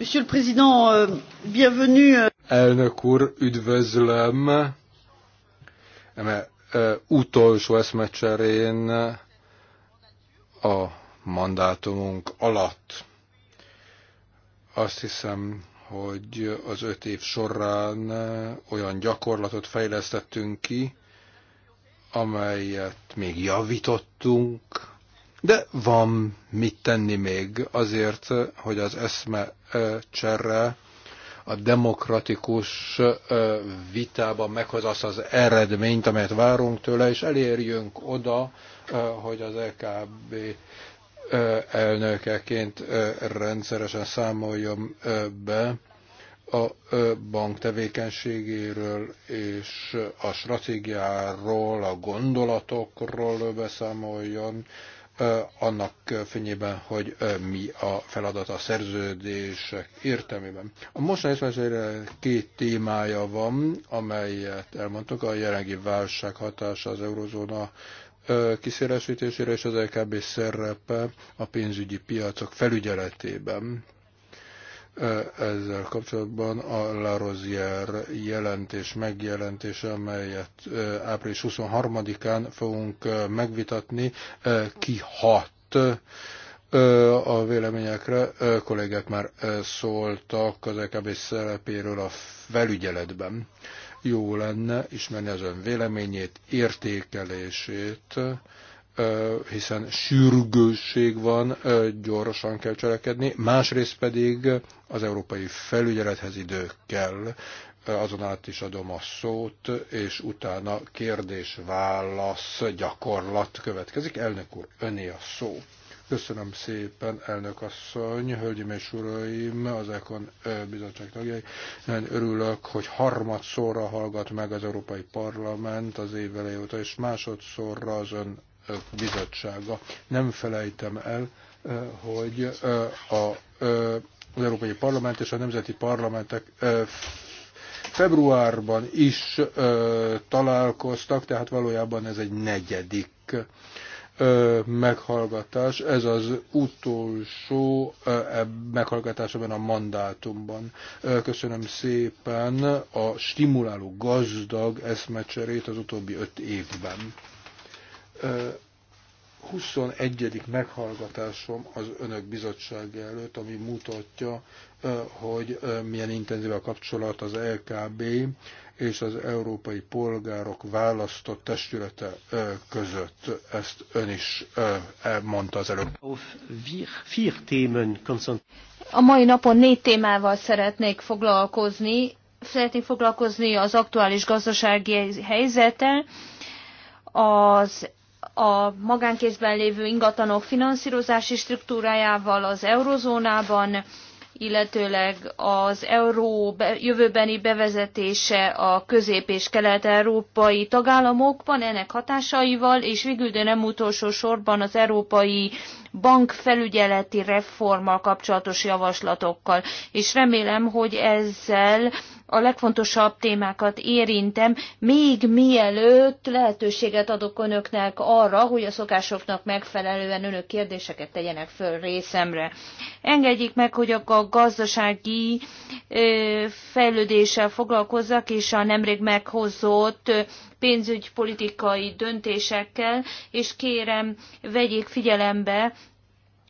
Monsieur le Président, euh, bienvenue. Euh. Elnök úr, üdvözlöm. Eme, utolsó eszmecserén a mandátumunk alatt. Azt hiszem, hogy az öt év során olyan gyakorlatot fejlesztettünk ki, amelyet még javítottunk, De van mit tenni még azért, hogy az eszme cserre a demokratikus vitában meghoz azt az eredményt, amelyet várunk tőle, és elérjünk oda, hogy az EKB elnökeként rendszeresen számoljon be a bank tevékenységéről és a stratégiáról, a gondolatokról beszámoljon, annak fényében, hogy mi a feladat a szerződések értelmében. A mostani eszmezőre két témája van, amelyet elmondtuk, a jelenlegi válság hatása az eurozóna kiszélesítésére és az LKB e szerepe a pénzügyi piacok felügyeletében ezzel kapcsolatban a La Rosière jelentés megjelentése, amelyet eh, április 23-án fogunk eh, megvitatni, eh, kihat a véleményekre. Kollégák már szóltak az EKB szerepéről a felügyeletben. Jó lenne ismerni az ön véleményét, értékelését, hiszen sürgősség van, gyorsan kell cselekedni, másrészt pedig az európai felügyelethez idő kell. Azon át is adom a szót, és utána kérdés-válasz gyakorlat következik. Elnök úr, öné a szó. Köszönöm szépen, elnök asszony, hölgyeim és uraim, az Ekon bizottság tagjai. Nagyon örülök, hogy harmadszorra hallgat meg az Európai Parlament az év óta, és másodszorra az ön bizottsága. Nem felejtem el, eh, hogy eh, eh, az Európai Parlament és a nemzeti parlamentek februárban is találkoztak, tehát valójában ez egy negyedik meghallgatás, ez az utolsó ö, meghallgatás ebben a mandátumban. köszönöm szépen a stimuláló gazdag eszmecserét az utóbbi öt évben. 21. meghallgatásom az Önök bizottság előtt, ami mutatja, hogy milyen intenzív a kapcsolat az LKB és az európai polgárok választott testülete között. Ezt ön is e, mondta az előbb. A mai napon négy témával szeretnék foglalkozni. Szeretnék foglalkozni az aktuális gazdasági helyzettel, az a magánkézben lévő ingatlanok finanszírozási struktúrájával az eurozónában, illetőleg az euró jövőbeni bevezetése a közép- és kelet-európai tagállamokban, ennek hatásaival, és végül, de nem utolsó sorban az európai bankfelügyeleti reformmal kapcsolatos javaslatokkal. És remélem, hogy ezzel a legfontosabb témákat érintem, még mielőtt lehetőséget adok önöknek arra, hogy a szokásoknak megfelelően önök kérdéseket tegyenek föl részemre. Engedjék meg, hogy a gazdasági fejlődéssel foglalkozzak, és a nemrég meghozott pénzügypolitikai döntésekkel, és kérem, vegyék figyelembe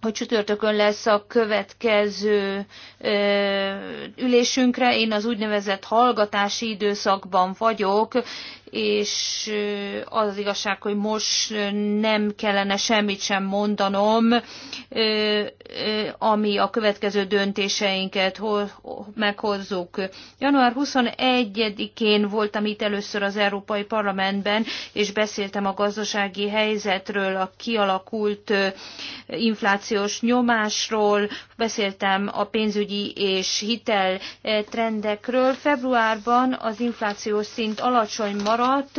hogy csütörtökön lesz a következő ö, ülésünkre. Én az úgynevezett hallgatási időszakban vagyok, és az, az igazság, hogy most nem kellene semmit sem mondanom, ami a következő döntéseinket meghozzuk. Január 21-én voltam itt először az Európai Parlamentben, és beszéltem a gazdasági helyzetről, a kialakult inflációs nyomásról, beszéltem a pénzügyi és hitel trendekről. Februárban az inflációs szint alacsony maradt, maradt,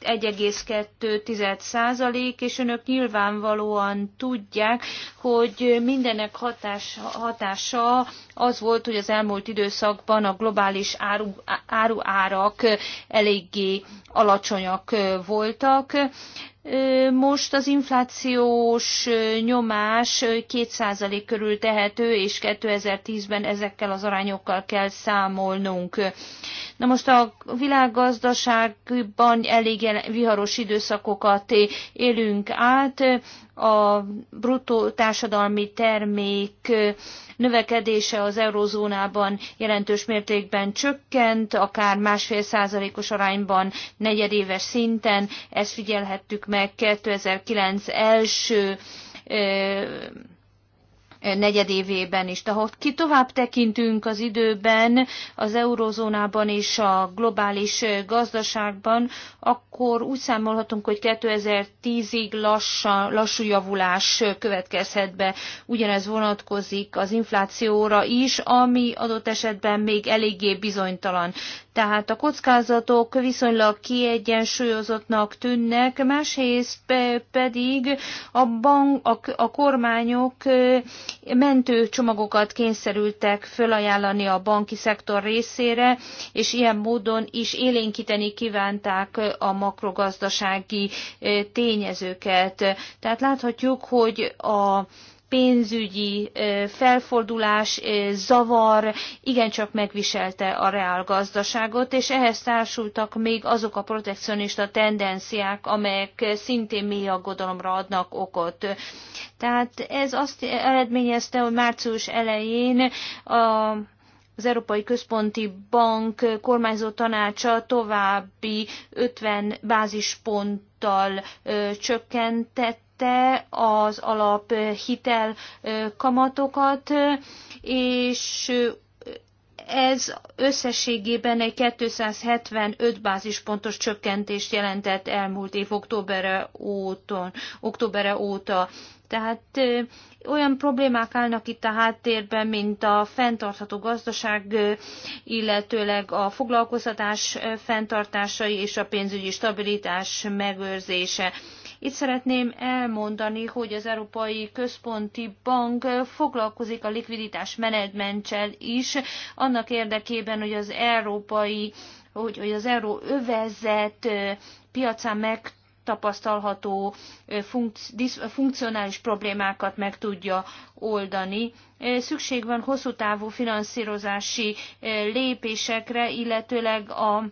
1,2% és önök nyilvánvalóan tudják, hogy mindennek hatás, hatása az volt, hogy az elmúlt időszakban a globális áru, áruárak eléggé alacsonyak voltak most az inflációs nyomás 2% körül tehető, és 2010-ben ezekkel az arányokkal kell számolnunk. Na most a világgazdaságban elég viharos időszakokat élünk át, a bruttó társadalmi termék növekedése az eurozónában jelentős mértékben csökkent, akár másfél százalékos arányban negyedéves szinten. Ezt figyelhettük meg 2009 első Eh, negyedévében is. Tehát ki tovább tekintünk az időben, az eurozónában és a globális eh, gazdaságban, akkor úgy számolhatunk, hogy 2010-ig lassú javulás eh, következhet be. Ugyanez vonatkozik az inflációra is, ami adott esetben még eléggé bizonytalan. Tehát a kockázatok viszonylag kiegyensúlyozottnak tűnnek, másrészt pedig a, bank, a, a kormányok mentőcsomagokat kényszerültek fölajánlani a banki szektor részére, és ilyen módon is élénkíteni kívánták a makrogazdasági tényezőket. Tehát láthatjuk, hogy a pénzügyi felfordulás, zavar igencsak megviselte a reálgazdaságot, és ehhez társultak még azok a protekcionista tendenciák, amelyek szintén mély aggodalomra adnak okot. Tehát ez azt eredményezte, hogy március elején a az Európai Központi Bank kormányzó tanácsa további 50 bázisponttal ö, csökkentett megtette az alap hitel kamatokat, és ez összességében egy 275 bázispontos csökkentést jelentett elmúlt év októberre, óton, októberre óta. Tehát ö, olyan problémák állnak itt a háttérben, mint a fenntartható gazdaság, illetőleg a foglalkoztatás fenntartásai és a pénzügyi stabilitás megőrzése. Itt szeretném elmondani, hogy az Európai Központi Bank foglalkozik a likviditás menedzsmentsel is, annak érdekében, hogy az európai hogy, hogy az euró övezet piacán meg tapasztalható funkcionális problémákat meg tudja oldani. Szükség van hosszú távú finanszírozási lépésekre, illetőleg a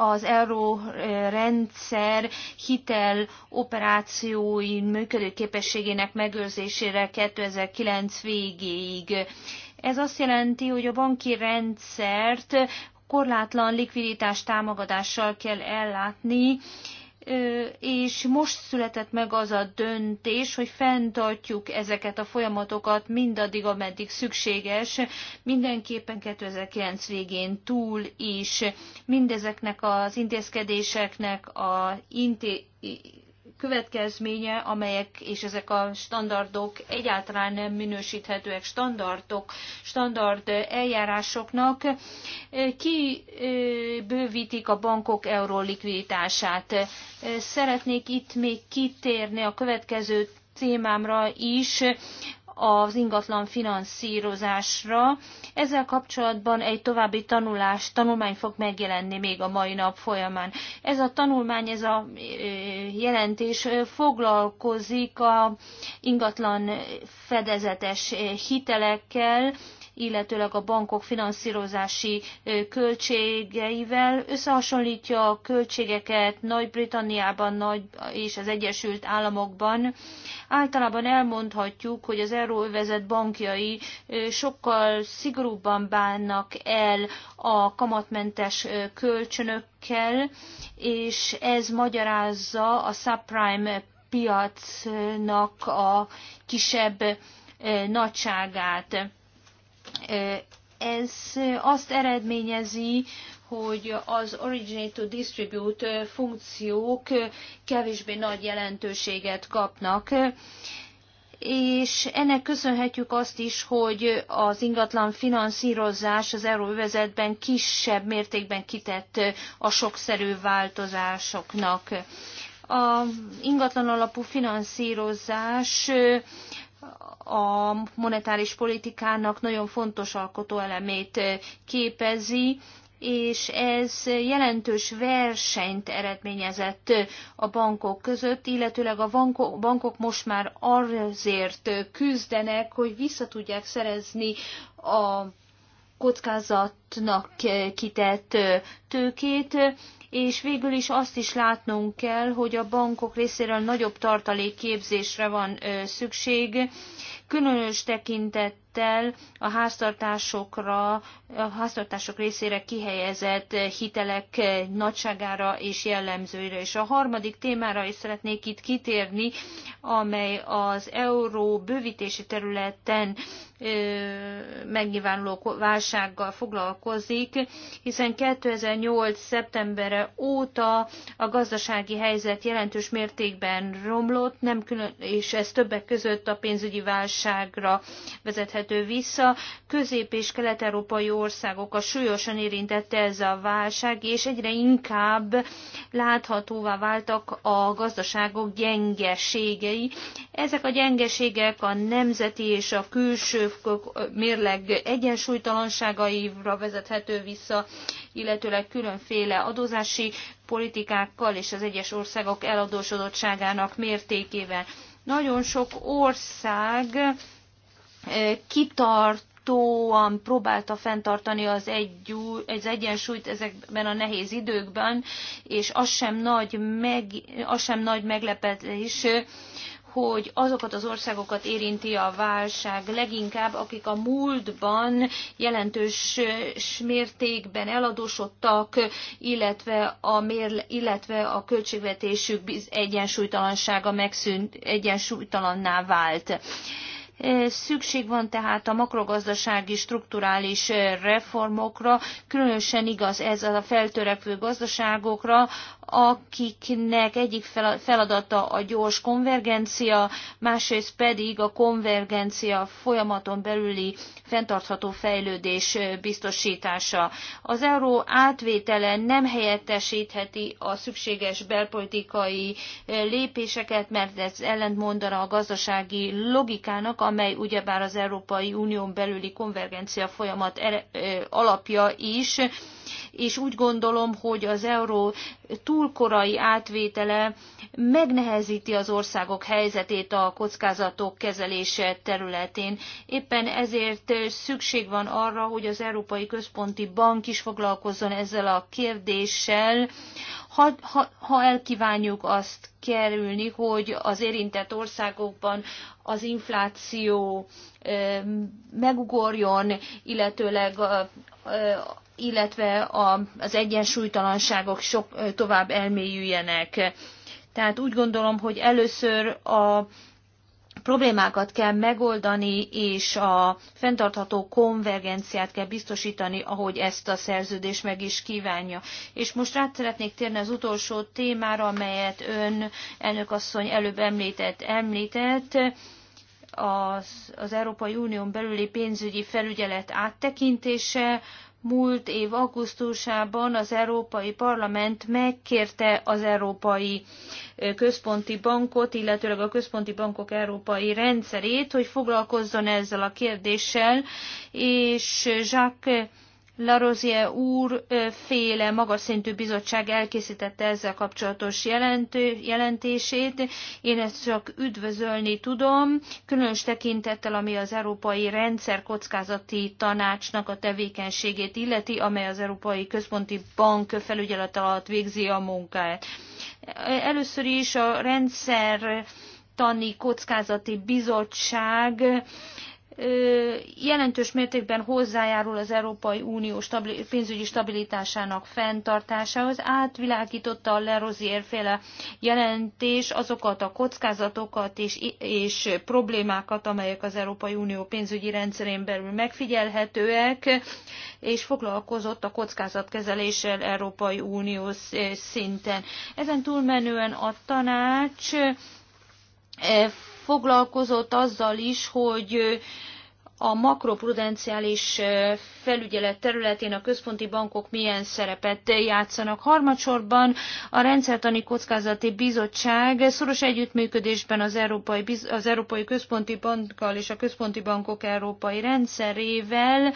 az euró eh, rendszer hitel operációi működőképességének megőrzésére 2009 végéig. Ez azt jelenti, hogy a banki rendszert korlátlan likviditás támogatással kell ellátni, és most született meg az a döntés, hogy fenntartjuk ezeket a folyamatokat mindaddig, ameddig szükséges, mindenképpen 2009 végén túl is mindezeknek az intézkedéseknek a inté következménye, amelyek és ezek a standardok egyáltalán nem minősíthetőek standardok, standard eljárásoknak, bővítik a bankok euró likviditását. Szeretnék itt még kitérni a következő témámra is, az ingatlan finanszírozásra. Ezzel kapcsolatban egy további tanulás, tanulmány fog megjelenni még a mai nap folyamán. Ez a tanulmány, ez a jelentés foglalkozik a ingatlan fedezetes hitelekkel, illetőleg a bankok finanszírozási költségeivel, összehasonlítja a költségeket Nagy-Britanniában Nagy és az Egyesült Államokban. Általában elmondhatjuk, hogy az euróövezet bankjai sokkal szigorúbban bánnak el a kamatmentes kölcsönökkel, és ez magyarázza a subprime piacnak a kisebb nagyságát ez azt eredményezi, hogy az originate to distribute funkciók kevésbé nagy jelentőséget kapnak, és ennek köszönhetjük azt is, hogy az ingatlan finanszírozás az euróvezetben kisebb mértékben kitett a sokszerű változásoknak. A ingatlan alapú finanszírozás a monetáris politikának nagyon fontos alkotóelemét képezi, és ez jelentős versenyt eredményezett a bankok között, illetőleg a bankok most már azért küzdenek, hogy vissza tudják szerezni a kockázatnak kitett tőkét, és végül is azt is látnunk kell, hogy a bankok részéről nagyobb tartalékképzésre van szükség, különös tekintettel a háztartásokra, a háztartások részére kihelyezett hitelek nagyságára és jellemzőire. És a harmadik témára is szeretnék itt kitérni, amely az euró bővítési területen megnyilvánuló válsággal foglalkozik, hiszen 2008. szeptembere óta a gazdasági helyzet jelentős mértékben romlott, nem külön, és ez többek között a pénzügyi válságra vezethető vissza. Közép- és kelet-európai országokat súlyosan érintette ez a válság, és egyre inkább láthatóvá váltak a gazdaságok gyengeségei. Ezek a gyengeségek a nemzeti és a külső mérleg egyensúlytalanságaira vezethető vissza, illetőleg különféle adózási politikákkal és az egyes országok eladósodottságának mértékével. Nagyon sok ország kitart tartóan próbálta fenntartani az, egy, az egyensúlyt ezekben a nehéz időkben, és az sem nagy, meg, az sem nagy meglepetés, hogy azokat az országokat érinti a válság leginkább, akik a múltban jelentős mértékben eladósodtak, illetve a, mérle, illetve a költségvetésük egyensúlytalansága megszűnt, egyensúlytalanná vált. E, szükség van tehát a makrogazdasági strukturális e, reformokra, különösen igaz ez a feltörekvő gazdaságokra, akiknek egyik feladata a gyors konvergencia, másrészt pedig a konvergencia folyamaton belüli fenntartható fejlődés biztosítása. Az euró átvétele nem helyettesítheti a szükséges belpolitikai eh, lépéseket, mert ez ellentmondana a gazdasági logikának, amely ugyebár az Európai Unión belüli konvergencia folyamat eh, alapja is, és úgy gondolom, hogy az euró túl korai átvétele megnehezíti az országok helyzetét a kockázatok kezelése területén. Éppen ezért szükség van arra, hogy az Európai Központi Bank is foglalkozzon ezzel a kérdéssel, ha, ha, ha elkívánjuk azt kerülni, hogy az érintett országokban az infláció megugorjon, illetőleg illetve az egyensúlytalanságok sok, tovább elmélyüljenek. Tehát úgy gondolom, hogy először a problémákat kell megoldani, és a fenntartható konvergenciát kell biztosítani, ahogy ezt a szerződés meg is kívánja. És most rá szeretnék térni az utolsó témára, amelyet ön, elnök asszony előbb említett, említett az, az Európai Unión belüli pénzügyi felügyelet áttekintése, múlt év augusztusában az Európai Parlament megkérte az Európai Központi Bankot, illetőleg a Központi Bankok Európai Rendszerét, hogy foglalkozzon ezzel a kérdéssel, és Jacques Larozie úr féle magas szintű bizottság elkészítette ezzel kapcsolatos jelentő, jelentését. Én ezt csak üdvözölni tudom, különös tekintettel, ami az Európai Rendszer Kockázati Tanácsnak a tevékenységét illeti, amely az Európai Központi Bank felügyelet alatt végzi a munkáját. Először is a rendszer tani kockázati bizottság jelentős mértékben hozzájárul az Európai Unió stabil, pénzügyi stabilitásának fenntartásához. Átvilágította a Lerozier féle jelentés azokat a kockázatokat és, és problémákat, amelyek az Európai Unió pénzügyi rendszerén belül megfigyelhetőek, és foglalkozott a kockázatkezeléssel Európai Unió szinten. Ezen túlmenően a tanács foglalkozott azzal is, hogy a makroprudenciális felügyelet területén a központi bankok milyen szerepet játszanak. Harmadsorban a Rendszertani Kockázati Bizottság szoros együttműködésben az Európai, az Európai Központi Bankkal és a Központi Bankok Európai Rendszerével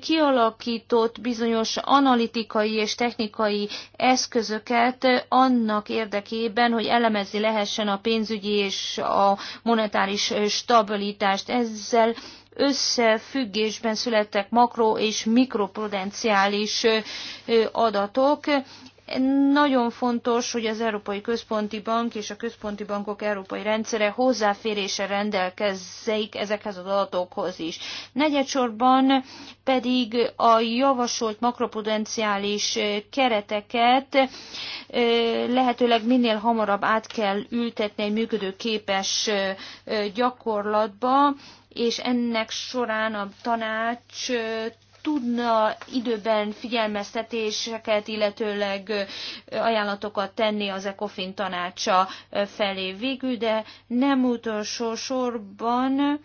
kialakított bizonyos analitikai és technikai eszközöket annak érdekében, hogy elemezni lehessen a pénzügyi és a monetáris stabilitást. Ezzel összefüggésben születtek makro és mikroprudenciális adatok, nagyon fontos, hogy az Európai Központi Bank és a központi bankok európai rendszere hozzáférése rendelkezzeik ezekhez az adatokhoz is. Negyedsorban pedig a javasolt makropotenciális kereteket lehetőleg minél hamarabb át kell ültetni egy működőképes gyakorlatba, és ennek során a tanács tudna időben figyelmeztetéseket, illetőleg ajánlatokat tenni az ECOFIN tanácsa felé végül, de nem utolsó sorban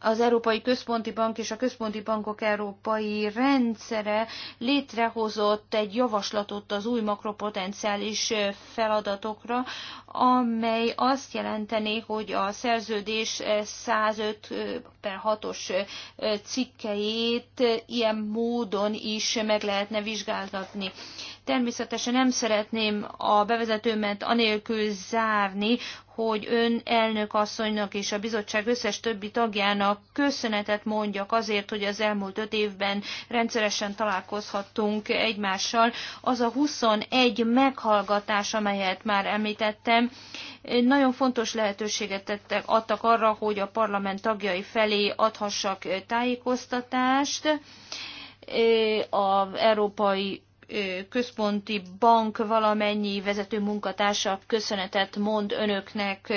az Európai Központi Bank és a Központi Bankok Európai Rendszere létrehozott egy javaslatot az új makropotenciális feladatokra, amely azt jelenteni, hogy a szerződés 105 per 6-os cikkeit ilyen módon is meg lehetne vizsgáltatni. Természetesen nem szeretném a bevezetőmet anélkül zárni, hogy ön elnök asszonynak és a bizottság összes többi tagjának köszönetet mondjak azért, hogy az elmúlt öt évben rendszeresen találkozhattunk egymással. Az a 21 meghallgatás, amelyet már említettem, nagyon fontos lehetőséget tettek, adtak arra, hogy a parlament tagjai felé adhassak tájékoztatást. Az Európai központi bank valamennyi vezető munkatársa köszönetet mond önöknek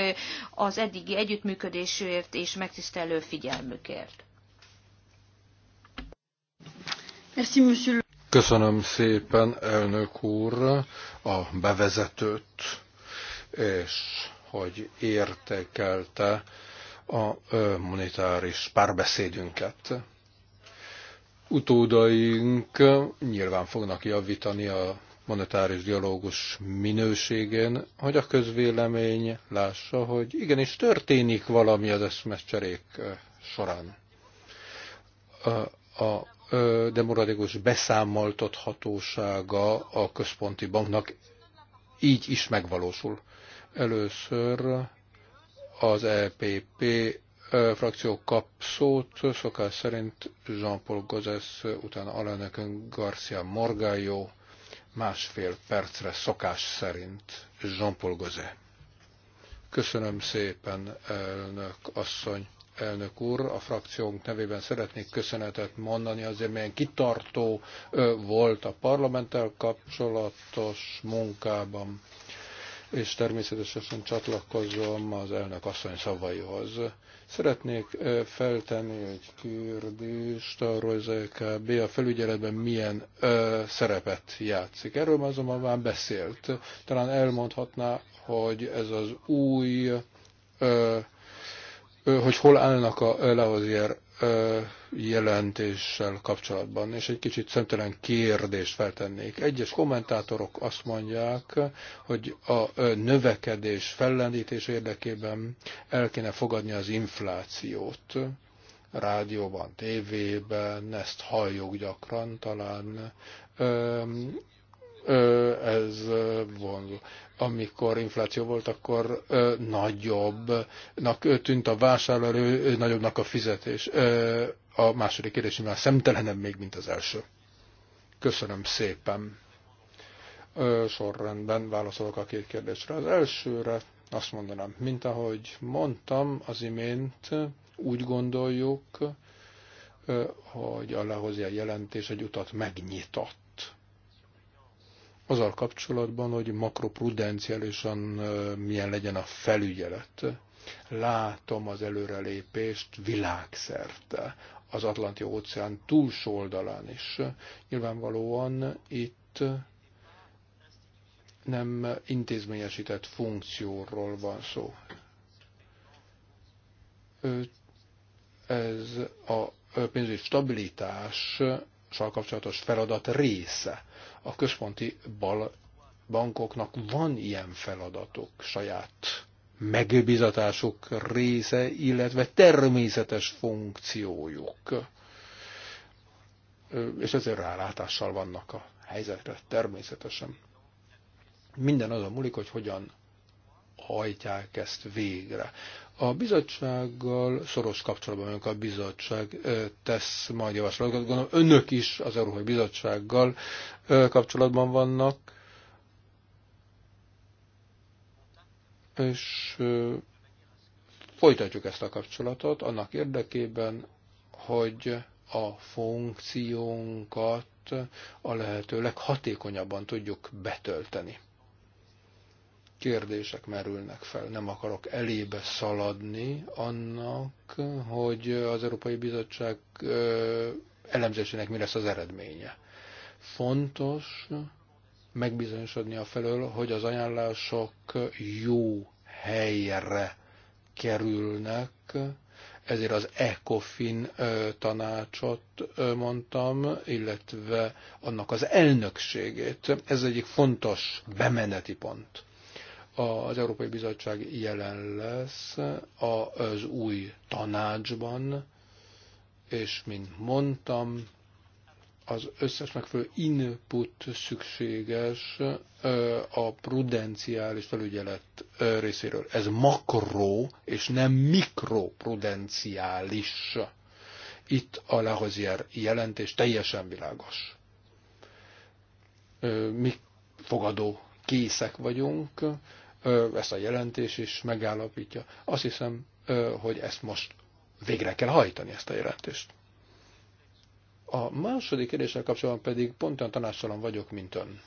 az eddigi együttműködésért és megtisztelő figyelmükért. Köszönöm szépen, elnök úr, a bevezetőt, és hogy értekelte a monetáris párbeszédünket utódaink nyilván fognak javítani a monetáris dialógus minőségén, hogy a közvélemény lássa, hogy igenis történik valami az eszmecserék során. A demokratikus beszámoltathatósága a központi banknak így is megvalósul. Először az EPP frakció kap szót, szokás szerint Jean-Paul Gozes, utána alelnökünk Garcia Morgallo, másfél percre szokás szerint Jean-Paul Gozes. Köszönöm szépen, elnök asszony, elnök úr. A frakciónk nevében szeretnék köszönetet mondani, azért milyen kitartó volt a parlamenttel kapcsolatos munkában és természetesen csatlakozom az elnök asszony szavaihoz. Szeretnék feltenni egy kérdést arról, hogy EKB a felügyeletben milyen ö, szerepet játszik. Erről azonban már beszélt. Talán elmondhatná, hogy ez az új, ö, ö, hogy hol állnak a Lehozier jelentéssel kapcsolatban, és egy kicsit szemtelen kérdést feltennék. Egyes kommentátorok azt mondják, hogy a növekedés fellendítés érdekében el kéne fogadni az inflációt. Rádióban, tévében, ezt halljuk gyakran, talán ez vonul. Amikor infláció volt, akkor nagyobbnak tűnt a vásárlóerő, nagyobbnak a fizetés. A második kérdésem már szemtelenebb még, mint az első. Köszönöm szépen. Sorrendben válaszolok a két kérdésre. Az elsőre azt mondanám, mint ahogy mondtam az imént, úgy gondoljuk, hogy a lehozja jelentés egy utat megnyitott azzal kapcsolatban, hogy makroprudenciálisan milyen legyen a felügyelet. Látom az előrelépést világszerte, az Atlanti óceán túlsó oldalán is. Nyilvánvalóan itt nem intézményesített funkcióról van szó. Ez a pénzügyi stabilitással kapcsolatos feladat része a központi bal bankoknak van ilyen feladatok saját megbizatások része, illetve természetes funkciójuk. És ezért rálátással vannak a helyzetre, természetesen. Minden az a múlik, hogy hogyan hajtják ezt végre. A bizottsággal szoros kapcsolatban vagyunk, a bizottság tesz majd javaslatokat. Gondolom önök is az Európai Bizottsággal kapcsolatban vannak. És folytatjuk ezt a kapcsolatot annak érdekében, hogy a funkciónkat a lehető leghatékonyabban tudjuk betölteni kérdések merülnek fel. Nem akarok elébe szaladni annak, hogy az Európai Bizottság elemzésének mi lesz az eredménye. Fontos megbizonyosodni a felől, hogy az ajánlások jó helyre kerülnek, ezért az ECOFIN tanácsot mondtam, illetve annak az elnökségét. Ez egyik fontos bemeneti pont. Az Európai Bizottság jelen lesz az új tanácsban, és mint mondtam, az összes megfelelő input szükséges a prudenciális felügyelet részéről. Ez makro és nem mikroprudenciális. Itt a Lehozier jelentés teljesen világos. Mi fogadó készek vagyunk, ezt a jelentés is megállapítja. Azt hiszem, hogy ezt most végre kell hajtani, ezt a jelentést. A második kérdéssel kapcsolatban pedig pont olyan tanácsalan vagyok, mint ön.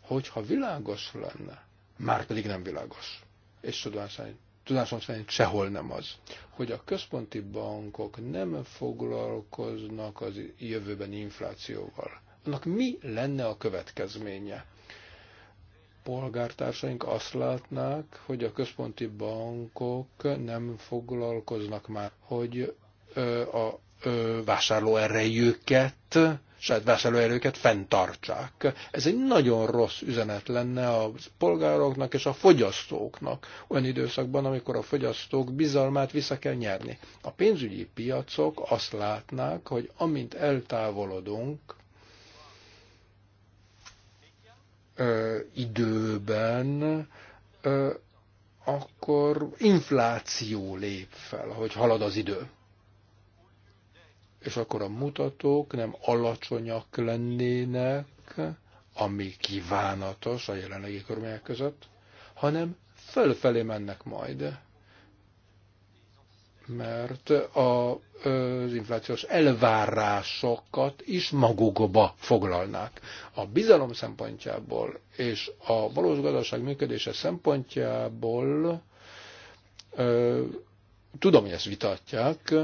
Hogyha világos lenne, már pedig nem világos, és szerint, tudásom szerint sehol nem az, hogy a központi bankok nem foglalkoznak az jövőben inflációval. Annak mi lenne a következménye? polgártársaink azt látnák, hogy a központi bankok nem foglalkoznak már, hogy a vásárlóerejüket, saját vásárlóerőket fenntartsák. Ez egy nagyon rossz üzenet lenne a polgároknak és a fogyasztóknak olyan időszakban, amikor a fogyasztók bizalmát vissza kell nyerni. A pénzügyi piacok azt látnák, hogy amint eltávolodunk Eh, időben, eh, akkor infláció lép fel, hogy halad az idő. És akkor a mutatók nem alacsonyak lennének, ami kívánatos a jelenlegi körülmények között, hanem fölfelé mennek majd mert az inflációs elvárásokat is magukba foglalnák. A bizalom szempontjából és a valós gazdaság működése szempontjából tudom, hogy ezt vitatják,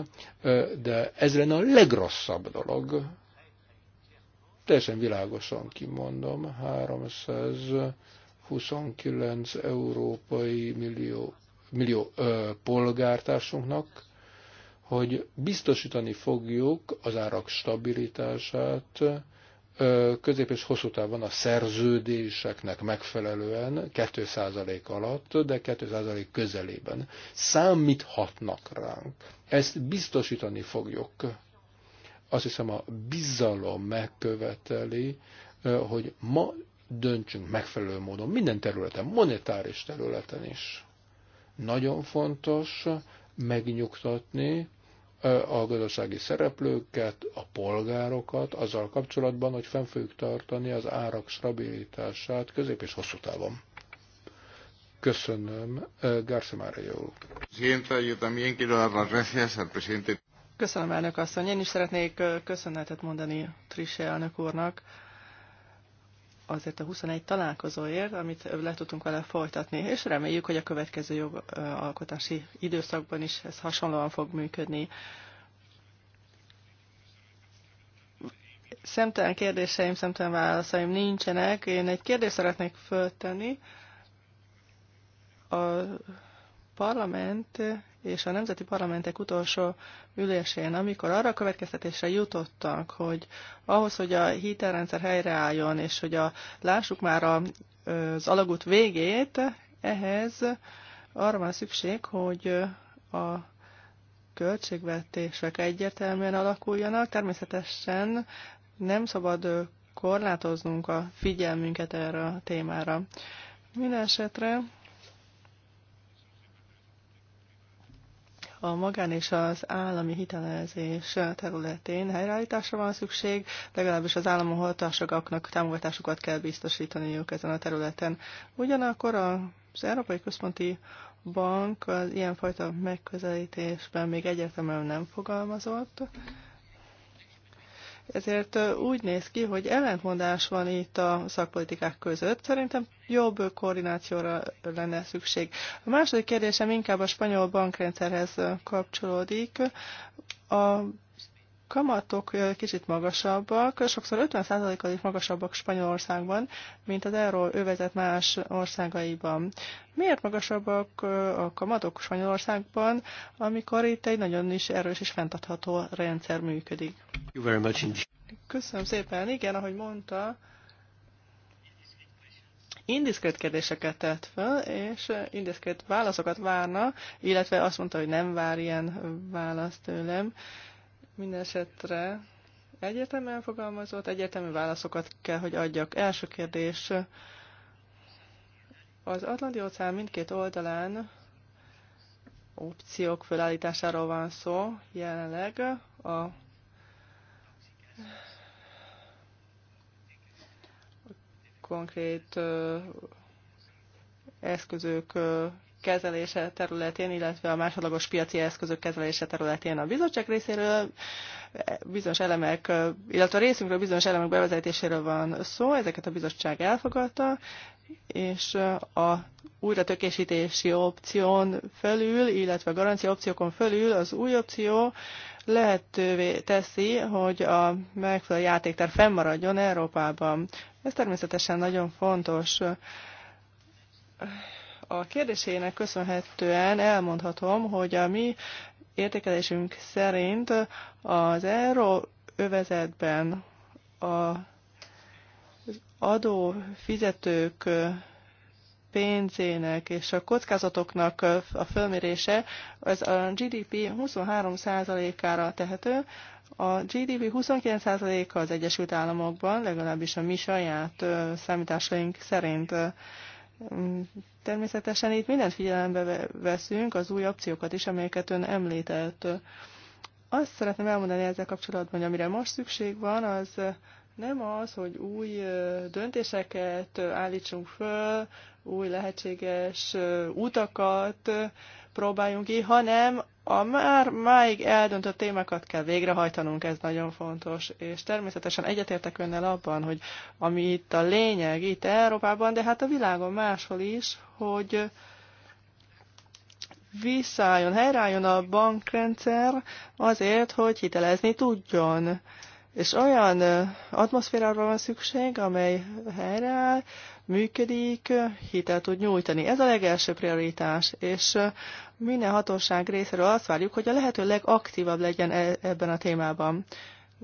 de ez lenne a legrosszabb dolog. Teljesen világosan kimondom, 329 európai millió millió ö, polgártársunknak, hogy biztosítani fogjuk az árak stabilitását ö, közép és hosszú távon a szerződéseknek megfelelően 2% alatt, de 2% közelében. Számíthatnak ránk. Ezt biztosítani fogjuk. Azt hiszem a bizalom megköveteli, ö, hogy ma döntsünk megfelelő módon minden területen, monetáris területen is. Nagyon fontos megnyugtatni a gazdasági szereplőket, a polgárokat azzal kapcsolatban, hogy fenn fogjuk tartani az árak stabilitását közép és hosszú távon. Köszönöm, Garcia Mário. Köszönöm, elnök asszony. Én is szeretnék köszönetet mondani Trisse elnök úrnak azért a 21 találkozóért, amit le tudtunk vele folytatni, és reméljük, hogy a következő jogalkotási időszakban is ez hasonlóan fog működni. Szemtelen kérdéseim, szemtelen válaszaim nincsenek. Én egy kérdést szeretnék föltenni. A parlament és a nemzeti parlamentek utolsó ülésén, amikor arra a következtetésre jutottak, hogy ahhoz, hogy a hitelrendszer helyreálljon, és hogy a, lássuk már a, az alagút végét, ehhez arra van szükség, hogy a költségvetések egyértelműen alakuljanak. Természetesen nem szabad korlátoznunk a figyelmünket erre a témára. esetre a magán és az állami hitelezés területén helyreállításra van szükség, legalábbis az állami hatásoknak támogatásokat kell biztosítaniuk ezen a területen. Ugyanakkor az Európai Központi Bank az ilyenfajta megközelítésben még egyértelműen nem fogalmazott, Ezért úgy néz ki, hogy ellentmondás van itt a szakpolitikák között. Szerintem jobb koordinációra lenne szükség. A második kérdésem inkább a spanyol bankrendszerhez kapcsolódik. A kamatok kicsit magasabbak, sokszor 50%-kal is magasabbak Spanyolországban, mint az erről övezet más országaiban. Miért magasabbak a kamatok Spanyolországban, amikor itt egy nagyon is erős és fenntartható rendszer működik? Köszönöm szépen. Igen, ahogy mondta, indiszkrét kérdéseket tett föl, és indiszkrét válaszokat várna, illetve azt mondta, hogy nem vár ilyen választ tőlem. Mindenesetre egyértelműen fogalmazott, egyértelmű válaszokat kell, hogy adjak. Első kérdés. Az Atlanti óceán mindkét oldalán opciók felállításáról van szó jelenleg. A konkrét eszközök kezelése területén, illetve a másodlagos piaci eszközök kezelése területén a bizottság részéről bizonyos elemek, illetve a részünkről bizonyos elemek bevezetéséről van szó, ezeket a bizottság elfogadta, és a újra tökésítési opción felül, illetve a garancia opciókon felül az új opció lehetővé teszi, hogy a megfelelő játékter fennmaradjon Európában. Ez természetesen nagyon fontos a kérdésének köszönhetően elmondhatom, hogy a mi értékelésünk szerint az euró övezetben a adófizetők pénzének és a kockázatoknak a fölmérése ez a GDP 23%-ára tehető. A GDP 29%-a az Egyesült Államokban, legalábbis a mi saját számításaink szerint Mm, természetesen itt mindent figyelembe veszünk, az új opciókat is, amelyeket ön említett. Azt szeretném elmondani ezzel kapcsolatban, hogy amire most szükség van, az nem az, hogy új döntéseket állítsunk föl, új lehetséges utakat próbáljunk ki, hanem a már máig eldöntött témákat kell végrehajtanunk, ez nagyon fontos. És természetesen egyetértek önnel abban, hogy ami itt a lényeg, itt Európában, de hát a világon máshol is, hogy visszálljon, helyreálljon a bankrendszer azért, hogy hitelezni tudjon és olyan atmoszférára van szükség, amely helyre működik, hitel tud nyújtani. Ez a legelső prioritás, és minden hatóság részéről azt várjuk, hogy a lehető legaktívabb legyen e, ebben a témában.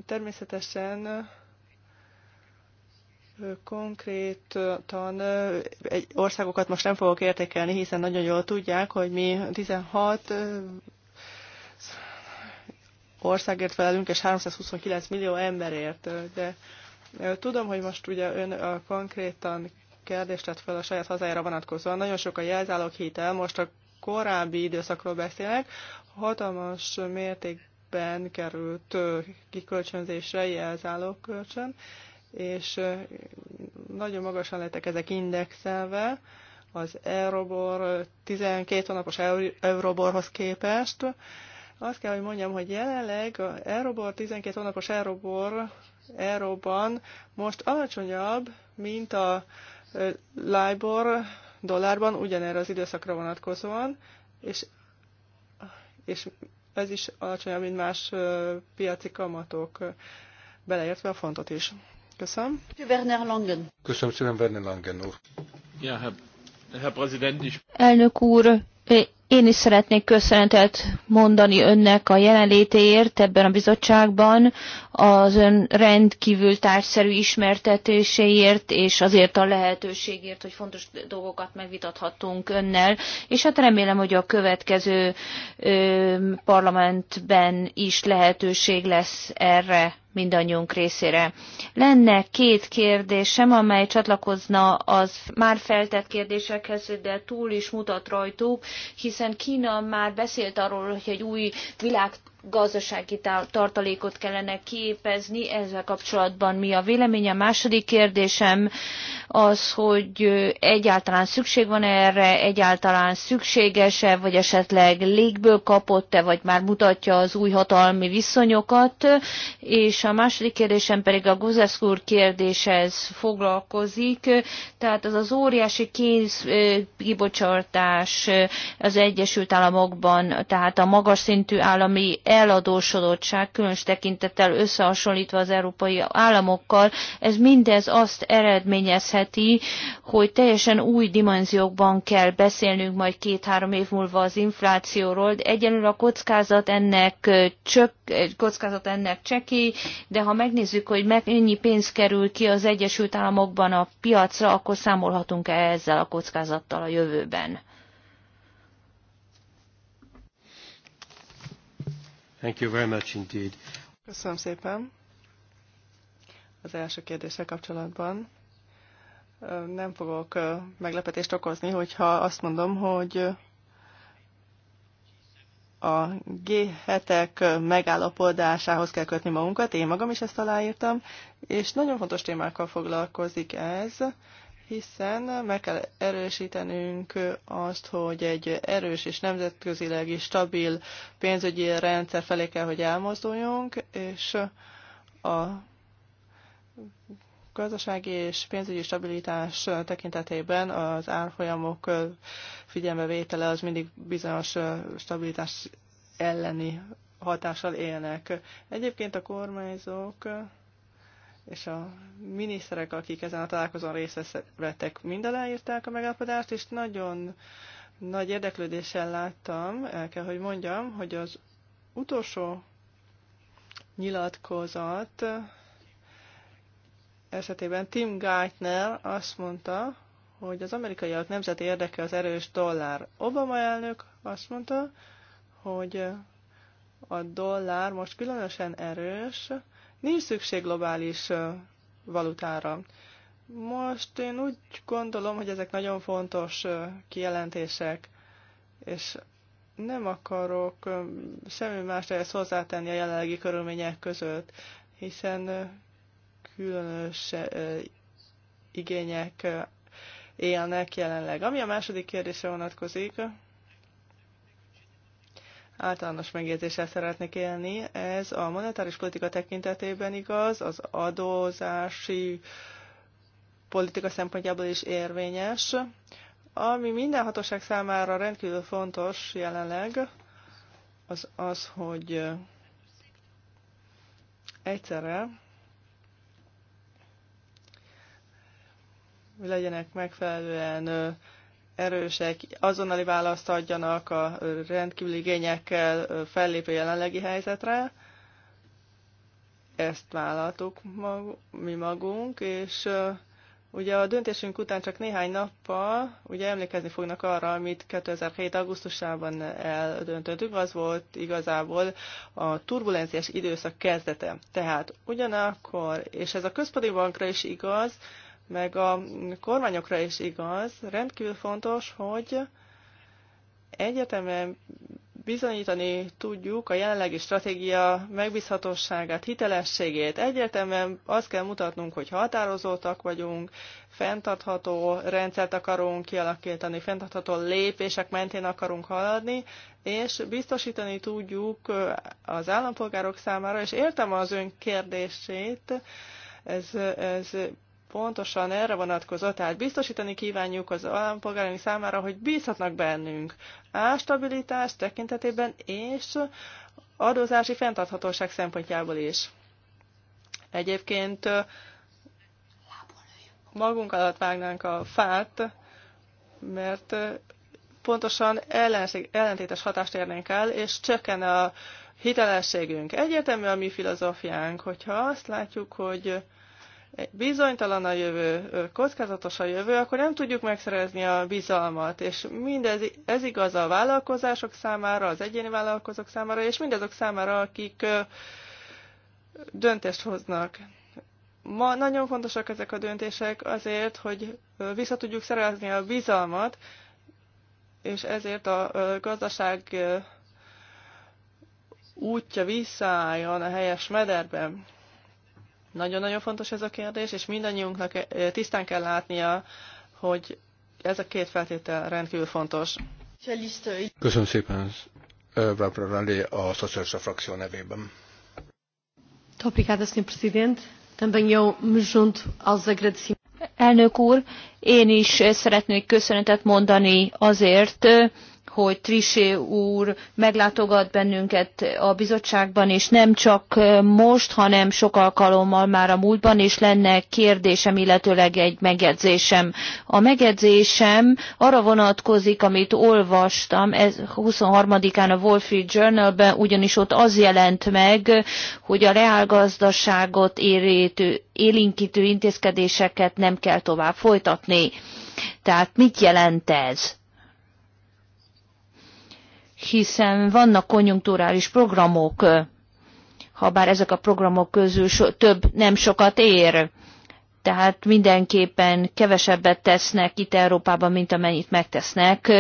Természetesen konkrétan egy országokat most nem fogok értékelni, hiszen nagyon jól tudják, hogy mi 16 országért felelünk, és 329 millió emberért, de tudom, hogy most ugye ön konkrétan kérdést tett fel a saját hazájára vonatkozóan. Nagyon sok a jelzálók hitel, most a korábbi időszakról beszélek, hatalmas mértékben került kikölcsönzésre jelzálók kölcsön, és nagyon magasan lettek ezek indexelve az Eurobor 12 hónapos Euroborhoz képest, Azt kell, hogy mondjam, hogy jelenleg a Eurobor, 12 hónapos Eurobor, Euróban most alacsonyabb, mint a LIBOR dollárban ugyanerre az időszakra vonatkozóan, és, és ez is alacsonyabb, mint más piaci kamatok, beleértve a fontot is. Köszönöm. Werner Langen. Köszönöm szépen, Werner Langen úr. Ja, Herr, Herr Präsident, is. Elnök úr, Én is szeretnék köszönetet mondani önnek a jelenlétéért ebben a bizottságban, az ön rendkívül társszerű ismertetéséért, és azért a lehetőségért, hogy fontos dolgokat megvitathatunk önnel, és hát remélem, hogy a következő ö, parlamentben is lehetőség lesz erre mindannyiunk részére. Lenne két kérdésem, amely csatlakozna az már feltett kérdésekhez, de túl is mutat rajtuk, hiszen kna már beszélt arról, hogy egy új világ gazdasági tartalékot kellene képezni. Ezzel kapcsolatban mi a vélemény? A második kérdésem az, hogy egyáltalán szükség van erre, egyáltalán szükséges-e, vagy esetleg légből kapott-e, vagy már mutatja az új hatalmi viszonyokat. És a második kérdésem pedig a Gozesz úr kérdéshez foglalkozik, tehát az az óriási kénzkibocsartás az Egyesült Államokban, tehát a magas szintű állami eladósodottság, különös tekintettel összehasonlítva az európai államokkal, ez mindez azt eredményezheti, hogy teljesen új dimenziókban kell beszélnünk majd két-három év múlva az inflációról, de egyelőre a kockázat ennek, csök, kockázat ennek cseki, de ha megnézzük, hogy mennyi pénz kerül ki az Egyesült Államokban a piacra, akkor számolhatunk -e ezzel a kockázattal a jövőben. Thank you very much indeed. Köszönöm szépen. Az első kérdéssel kapcsolatban nem fogok meglepetést okozni, hogyha azt mondom, hogy a G7-ek megállapodásához kell kötni magunkat, én magam is ezt aláírtam, és nagyon fontos témákkal foglalkozik ez, hiszen meg kell erősítenünk azt, hogy egy erős és nemzetközileg is stabil pénzügyi rendszer felé kell, hogy elmozduljunk, és a gazdasági és pénzügyi stabilitás tekintetében az árfolyamok figyelmevétele az mindig bizonyos stabilitás elleni hatással élnek. Egyébként a kormányzók és a miniszterek, akik ezen a találkozón részt vettek, mind aláírták a megállapodást, és nagyon nagy érdeklődéssel láttam, el kell, hogy mondjam, hogy az utolsó nyilatkozat esetében Tim Geithner azt mondta, hogy az amerikaiak nemzeti érdeke az erős dollár. Obama elnök azt mondta, hogy a dollár most különösen erős, Nincs szükség globális valutára. Most én úgy gondolom, hogy ezek nagyon fontos kijelentések, és nem akarok semmi mást ehhez hozzátenni a jelenlegi körülmények között, hiszen különös igények élnek jelenleg. Ami a második kérdésre vonatkozik, általános megjegyzéssel szeretnék élni. Ez a monetáris politika tekintetében igaz, az adózási politika szempontjából is érvényes. Ami minden hatóság számára rendkívül fontos jelenleg, az az, hogy egyszerre legyenek megfelelően erősek, azonnali választ adjanak a rendkívüli igényekkel fellépő jelenlegi helyzetre. Ezt vállaltuk mag, mi magunk, és ugye a döntésünk után csak néhány nappal, ugye emlékezni fognak arra, amit 2007. augusztusában eldöntöttük, az volt igazából a turbulenciás időszak kezdete. Tehát ugyanakkor, és ez a központi bankra is igaz, meg a kormányokra is igaz, rendkívül fontos, hogy egyetemen bizonyítani tudjuk a jelenlegi stratégia megbízhatóságát, hitelességét. Egyetemen azt kell mutatnunk, hogy határozottak vagyunk, fenntartható rendszert akarunk kialakítani, fenntartható lépések mentén akarunk haladni, és biztosítani tudjuk az állampolgárok számára, és értem az ön kérdését, ez, ez pontosan erre vonatkozott, tehát biztosítani kívánjuk az állampolgáraink számára, hogy bízhatnak bennünk a stabilitás tekintetében és adózási fenntarthatóság szempontjából is. Egyébként magunk alatt vágnánk a fát, mert pontosan ellentétes hatást érnénk el, és csökken a hitelességünk. Egyértelmű a mi filozófiánk, hogyha azt látjuk, hogy bizonytalan a jövő, kockázatos a jövő, akkor nem tudjuk megszerezni a bizalmat, és mindez ez igaz a vállalkozások számára, az egyéni vállalkozók számára, és mindazok számára, akik döntést hoznak. Ma nagyon fontosak ezek a döntések azért, hogy vissza tudjuk szerezni a bizalmat, és ezért a gazdaság útja visszaálljon a helyes mederben Nagyon-nagyon fontos ez a kérdés, és mindannyiunknak eh, tisztán kell látnia, hogy ez a két feltétel rendkívül fontos. Köszönöm szépen, Vábra Rallé, a Szocialista Frakció nevében. Elnök úr, én is szeretnék köszönetet mondani azért, hogy Trisé úr meglátogat bennünket a bizottságban, és nem csak most, hanem sok alkalommal már a múltban, és lenne kérdésem, illetőleg egy megjegyzésem. A megjegyzésem arra vonatkozik, amit olvastam, ez 23-án a Wall Street Journalben, ugyanis ott az jelent meg, hogy a reálgazdaságot érítő, élinkítő intézkedéseket nem kell tovább folytatni. Tehát mit jelent ez? hiszen vannak konjunkturális programok, ha bár ezek a programok közül so, több nem sokat ér. Tehát mindenképpen kevesebbet tesznek itt Európában, mint amennyit megtesznek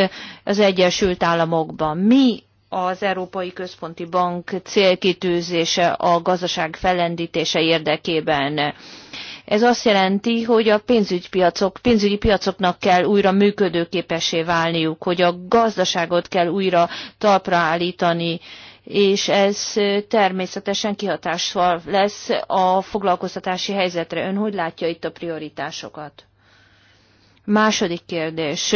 az Egyesült Államokban. Mi az Európai Központi Bank célkitűzése a gazdaság felendítése érdekében? Ez azt jelenti, hogy a pénzügypiacok, pénzügyi piacoknak kell újra működőképessé válniuk, hogy a gazdaságot kell újra talpra állítani, és ez természetesen kihatással lesz a foglalkoztatási helyzetre. Ön hogy látja itt a prioritásokat? Második kérdés,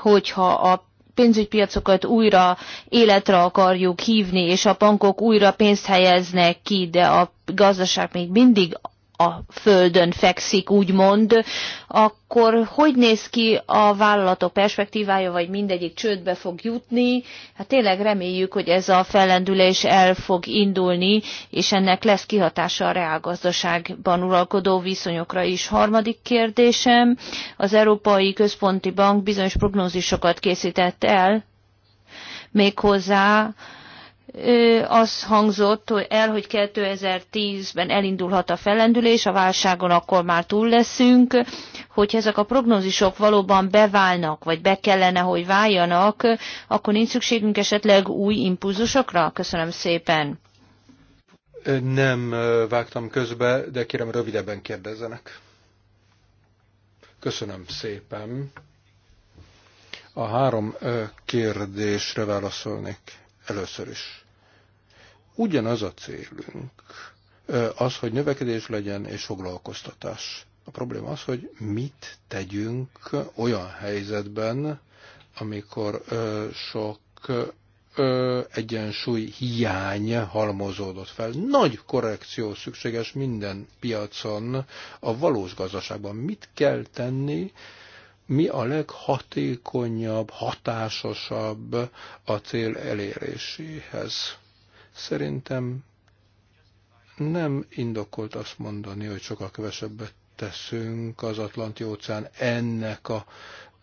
hogyha a pénzügypiacokat újra életre akarjuk hívni, és a bankok újra pénzt helyeznek ki, de a gazdaság még mindig a földön fekszik, úgymond, akkor hogy néz ki a vállalatok perspektívája, vagy mindegyik csődbe fog jutni? Hát tényleg reméljük, hogy ez a fellendülés el fog indulni, és ennek lesz kihatása a reálgazdaságban uralkodó viszonyokra is. Harmadik kérdésem, az Európai Központi Bank bizonyos prognózisokat készített el, méghozzá az hangzott hogy el, hogy 2010-ben elindulhat a fellendülés, a válságon akkor már túl leszünk, hogy ezek a prognózisok valóban beválnak, vagy be kellene, hogy váljanak, akkor nincs szükségünk esetleg új impulzusokra? Köszönöm szépen. Nem vágtam közbe, de kérem rövidebben kérdezzenek. Köszönöm szépen. A három kérdésre válaszolnék először is. Ugyanaz a célunk, az, hogy növekedés legyen és foglalkoztatás. A probléma az, hogy mit tegyünk olyan helyzetben, amikor sok egyensúly hiány halmozódott fel. Nagy korrekció szükséges minden piacon, a valós gazdaságban. Mit kell tenni, mi a leghatékonyabb, hatásosabb a cél eléréséhez? Szerintem nem indokolt azt mondani, hogy sokkal kevesebbet teszünk az Atlanti-óceán ennek a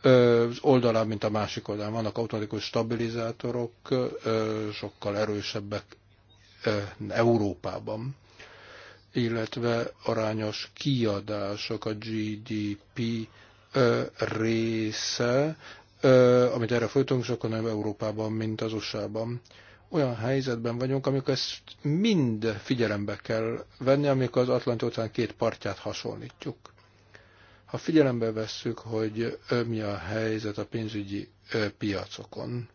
az oldalán, mint a másik oldalán. Vannak automatikus stabilizátorok, sokkal erősebbek Európában, illetve arányos kiadások a GDP része, amit erre folytunk, sokkal nem Európában, mint az USA-ban olyan helyzetben vagyunk, amikor ezt mind figyelembe kell venni, amikor az Atlanti óceán két partját hasonlítjuk. Ha figyelembe vesszük, hogy mi a helyzet a pénzügyi piacokon,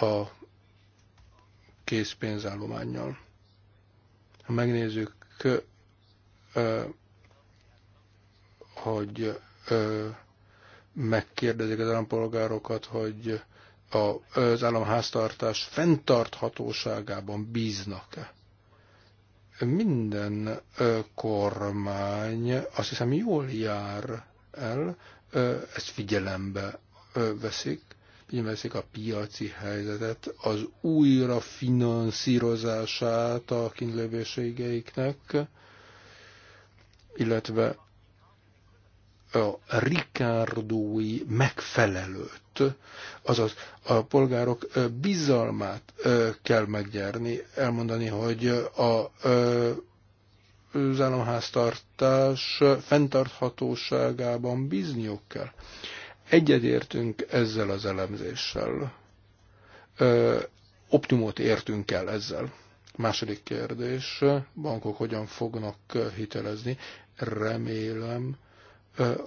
a készpénzállományjal. Ha megnézzük, hogy megkérdezik az állampolgárokat, hogy az államháztartás fenntarthatóságában bíznak-e. Minden kormány azt hiszem jól jár el, ezt figyelembe veszik, veszik a piaci helyzetet, az újra finanszírozását a kínlévőségeiknek, illetve a Ricardói megfelelőt, azaz a polgárok bizalmát kell meggyerni, elmondani, hogy a az államháztartás fenntarthatóságában bízniuk kell. Egyedértünk ezzel az elemzéssel. Ö, optimumot értünk el ezzel. Második kérdés, bankok hogyan fognak hitelezni? Remélem,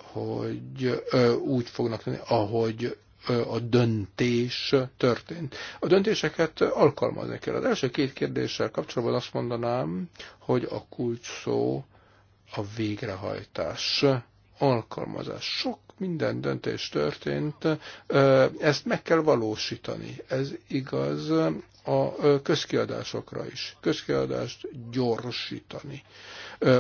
hogy úgy fognak tenni, ahogy a döntés történt. A döntéseket alkalmazni kell. Az első két kérdéssel kapcsolatban azt mondanám, hogy a kulcs szó a végrehajtás alkalmazás. Sok minden döntés történt, ezt meg kell valósítani. Ez igaz a közkiadásokra is. Közkiadást gyorsítani.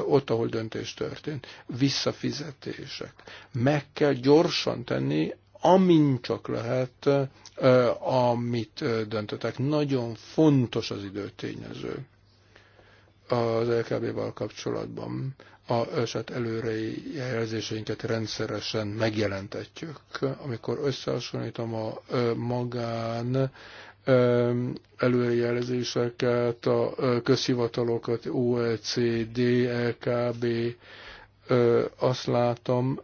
Ott, ahol döntés történt. Visszafizetések. Meg kell gyorsan tenni, amint csak lehet, amit döntetek. Nagyon fontos az időtényező az LKB-val kapcsolatban a eset előre jelzéseinket rendszeresen megjelentetjük. Amikor összehasonlítom a magán előrejelzéseket, a közhivatalokat, OECD, LKB, azt látom,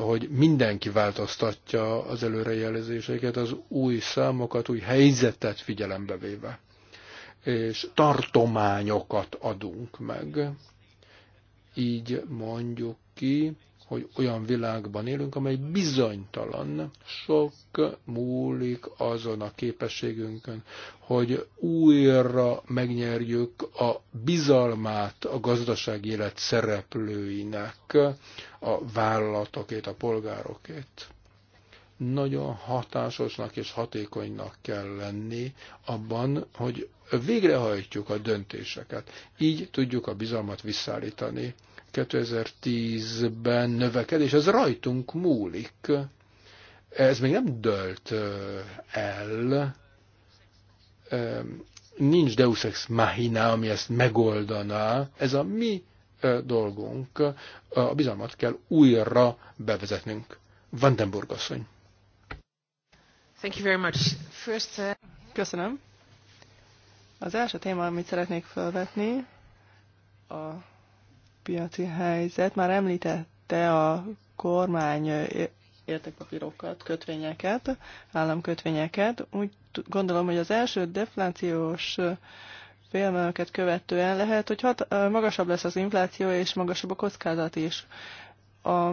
hogy mindenki változtatja az előrejelzéseket, az új számokat, új helyzetet figyelembe véve és tartományokat adunk meg. Így mondjuk ki, hogy olyan világban élünk, amely bizonytalan, sok múlik azon a képességünkön, hogy újra megnyerjük a bizalmát a gazdaság élet szereplőinek, a vállalatokét, a polgárokét nagyon hatásosnak és hatékonynak kell lenni abban, hogy végrehajtjuk a döntéseket. Így tudjuk a bizalmat visszaállítani. 2010-ben növekedés, ez rajtunk múlik. Ez még nem dölt el. Nincs Deus Ex Machina, ami ezt megoldaná. Ez a mi dolgunk. A bizalmat kell újra bevezetnünk. Vandenburg asszony. Thank you very much. First, uh... Köszönöm. Az első téma, amit szeretnék felvetni, a piaci helyzet. Már említette a kormány értékpapírokat, kötvényeket, államkötvényeket. Úgy gondolom, hogy az első deflációs félmelőket követően lehet, hogy hat, magasabb lesz az infláció, és magasabb a kockázat is. A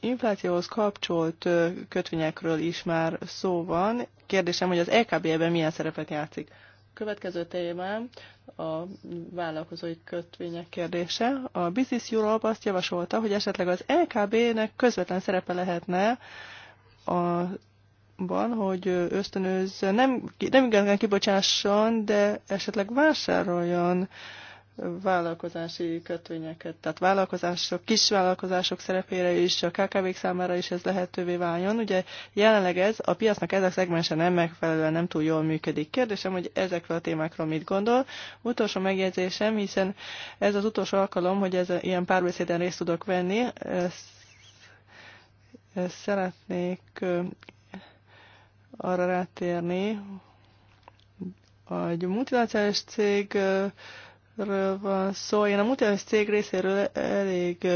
inflációhoz kapcsolt kötvényekről is már szó van. Kérdésem, hogy az LKB-ben e milyen szerepet játszik. Következő témám a vállalkozói kötvények kérdése. A Business Europe azt javasolta, hogy esetleg az LKB-nek e közvetlen szerepe lehetne a van, hogy ösztönöz, nem, nem igazán kibocsásson, de esetleg vásároljon uh, vállalkozási kötvényeket, tehát vállalkozások, kisvállalkozások szerepére is, a KKV-k számára is ez lehetővé váljon. Ugye jelenleg ez a piacnak ez a szegmense nem megfelelően nem túl jól működik. Kérdésem, hogy ezekről a témákról mit gondol. Utolsó megjegyzésem, hiszen ez az utolsó alkalom, hogy ez ilyen párbeszéden részt tudok venni. Ezt, szeretnék arra rátérni, hogy a multinációs cég van szó. Én a Mutelis cég részéről elég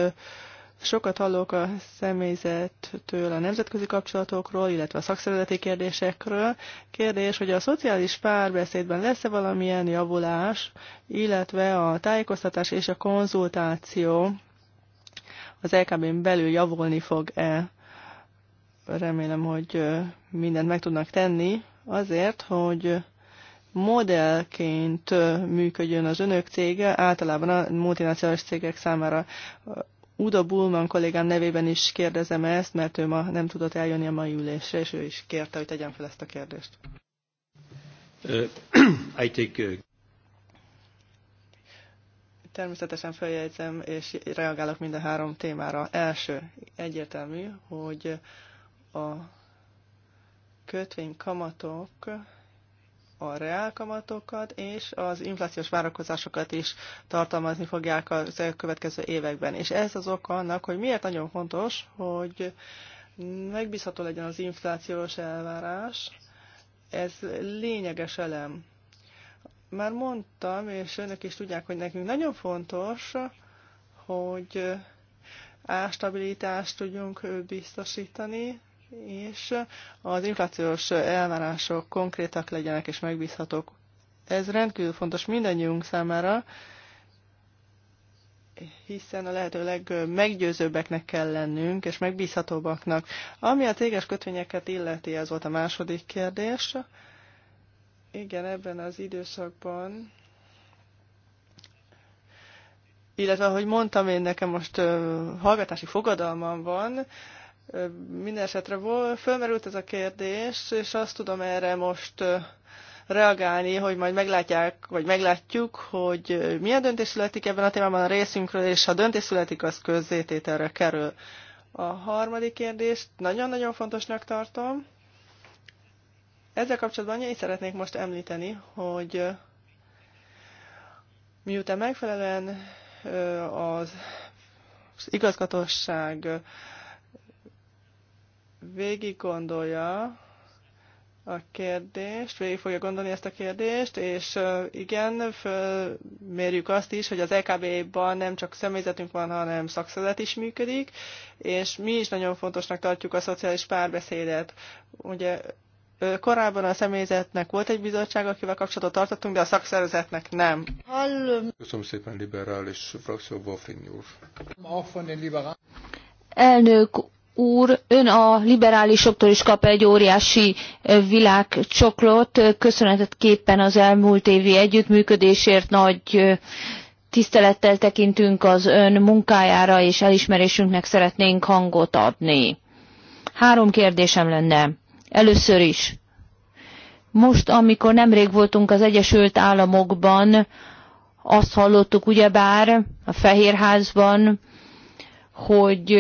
sokat hallok a személyzettől a nemzetközi kapcsolatokról, illetve a szakszervezeti kérdésekről. Kérdés, hogy a szociális párbeszédben lesz-e valamilyen javulás, illetve a tájékoztatás és a konzultáció az LKB-n belül javulni fog-e? Remélem, hogy mindent meg tudnak tenni azért, hogy modellként működjön az önök cége, általában a multinacionális cégek számára. Uda Bulman kollégám nevében is kérdezem ezt, mert ő ma nem tudott eljönni a mai ülésre, és ő is kérte, hogy tegyem fel ezt a kérdést. Uh, I take... Természetesen feljegyzem, és reagálok mind a három témára. Első, egyértelmű, hogy a kötvénykamatok kamatok a reálkamatokat és az inflációs várakozásokat is tartalmazni fogják a következő években. És ez az oka annak, hogy miért nagyon fontos, hogy megbízható legyen az inflációs elvárás. Ez lényeges elem. Már mondtam, és önök is tudják, hogy nekünk nagyon fontos, hogy ástabilitást tudjunk biztosítani, és az inflációs elvárások konkrétak legyenek és megbízhatók. Ez rendkívül fontos mindannyiunk számára, hiszen a lehető legmeggyőzőbbeknek kell lennünk, és megbízhatóbbaknak. Ami a téges kötvényeket illeti, ez volt a második kérdés. Igen, ebben az időszakban illetve ahogy mondtam, én nekem most uh, hallgatási fogadalmam van, Mindenesetre esetre fölmerült ez a kérdés, és azt tudom erre most reagálni, hogy majd meglátják, vagy meglátjuk, hogy milyen döntés születik ebben a témában a részünkről, és ha döntés születik, az közzétételre kerül. A harmadik kérdést nagyon-nagyon fontosnak tartom. Ezzel kapcsolatban annyit szeretnék most említeni, hogy miután megfelelően az igazgatóság végig gondolja a kérdést, végig fogja gondolni ezt a kérdést, és igen, fölmérjük azt is, hogy az EKB-ban nem csak személyzetünk van, hanem szakszervezet is működik, és mi is nagyon fontosnak tartjuk a szociális párbeszédet. Ugye korábban a személyzetnek volt egy bizottság, akivel kapcsolatot tartottunk, de a szakszervezetnek nem. Hallom. Köszönöm szépen, liberális frakció Wolfing úr. Elnök úr, ön a liberálisoktól is kap egy óriási eh, világcsoklót, eh, köszönetet képpen az elmúlt évi együttműködésért nagy eh, tisztelettel tekintünk az ön munkájára, és elismerésünknek szeretnénk hangot adni. Három kérdésem lenne. Először is. Most, amikor nemrég voltunk az Egyesült Államokban, azt hallottuk ugyebár a Fehérházban, hogy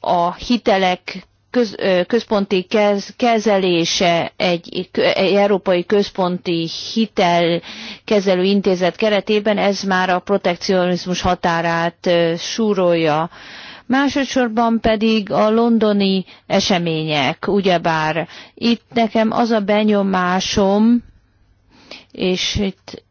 a hitelek köz, központi kez, kezelése egy, egy európai központi hitelkezelő intézet keretében, ez már a protekcionizmus határát súrolja. Másodszorban pedig a londoni események, ugyebár itt nekem az a benyomásom, és itt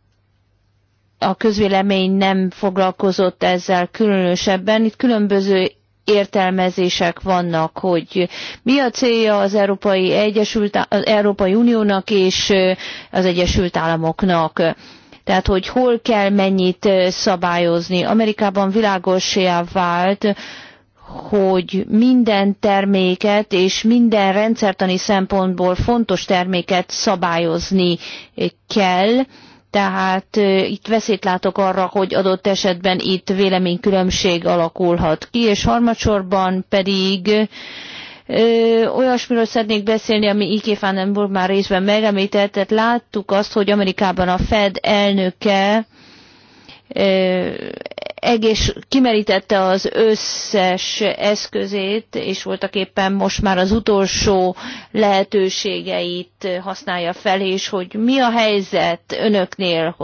a közvélemény nem foglalkozott ezzel különösebben. Itt különböző értelmezések vannak, hogy mi a célja az Európai, Egyesült, az Európai Uniónak és az Egyesült Államoknak. Tehát, hogy hol kell mennyit szabályozni. Amerikában világosá vált, hogy minden terméket és minden rendszertani szempontból fontos terméket szabályozni kell, tehát itt veszélyt látok arra, hogy adott esetben itt véleménykülönbség alakulhat ki, és harmadsorban pedig olyasmiről szeretnék beszélni, ami Ike Fannenburg már részben megemlített, tehát láttuk azt, hogy Amerikában a Fed elnöke egész kimerítette az összes eszközét, és voltak éppen most már az utolsó lehetőségeit használja fel, és hogy mi a helyzet önöknél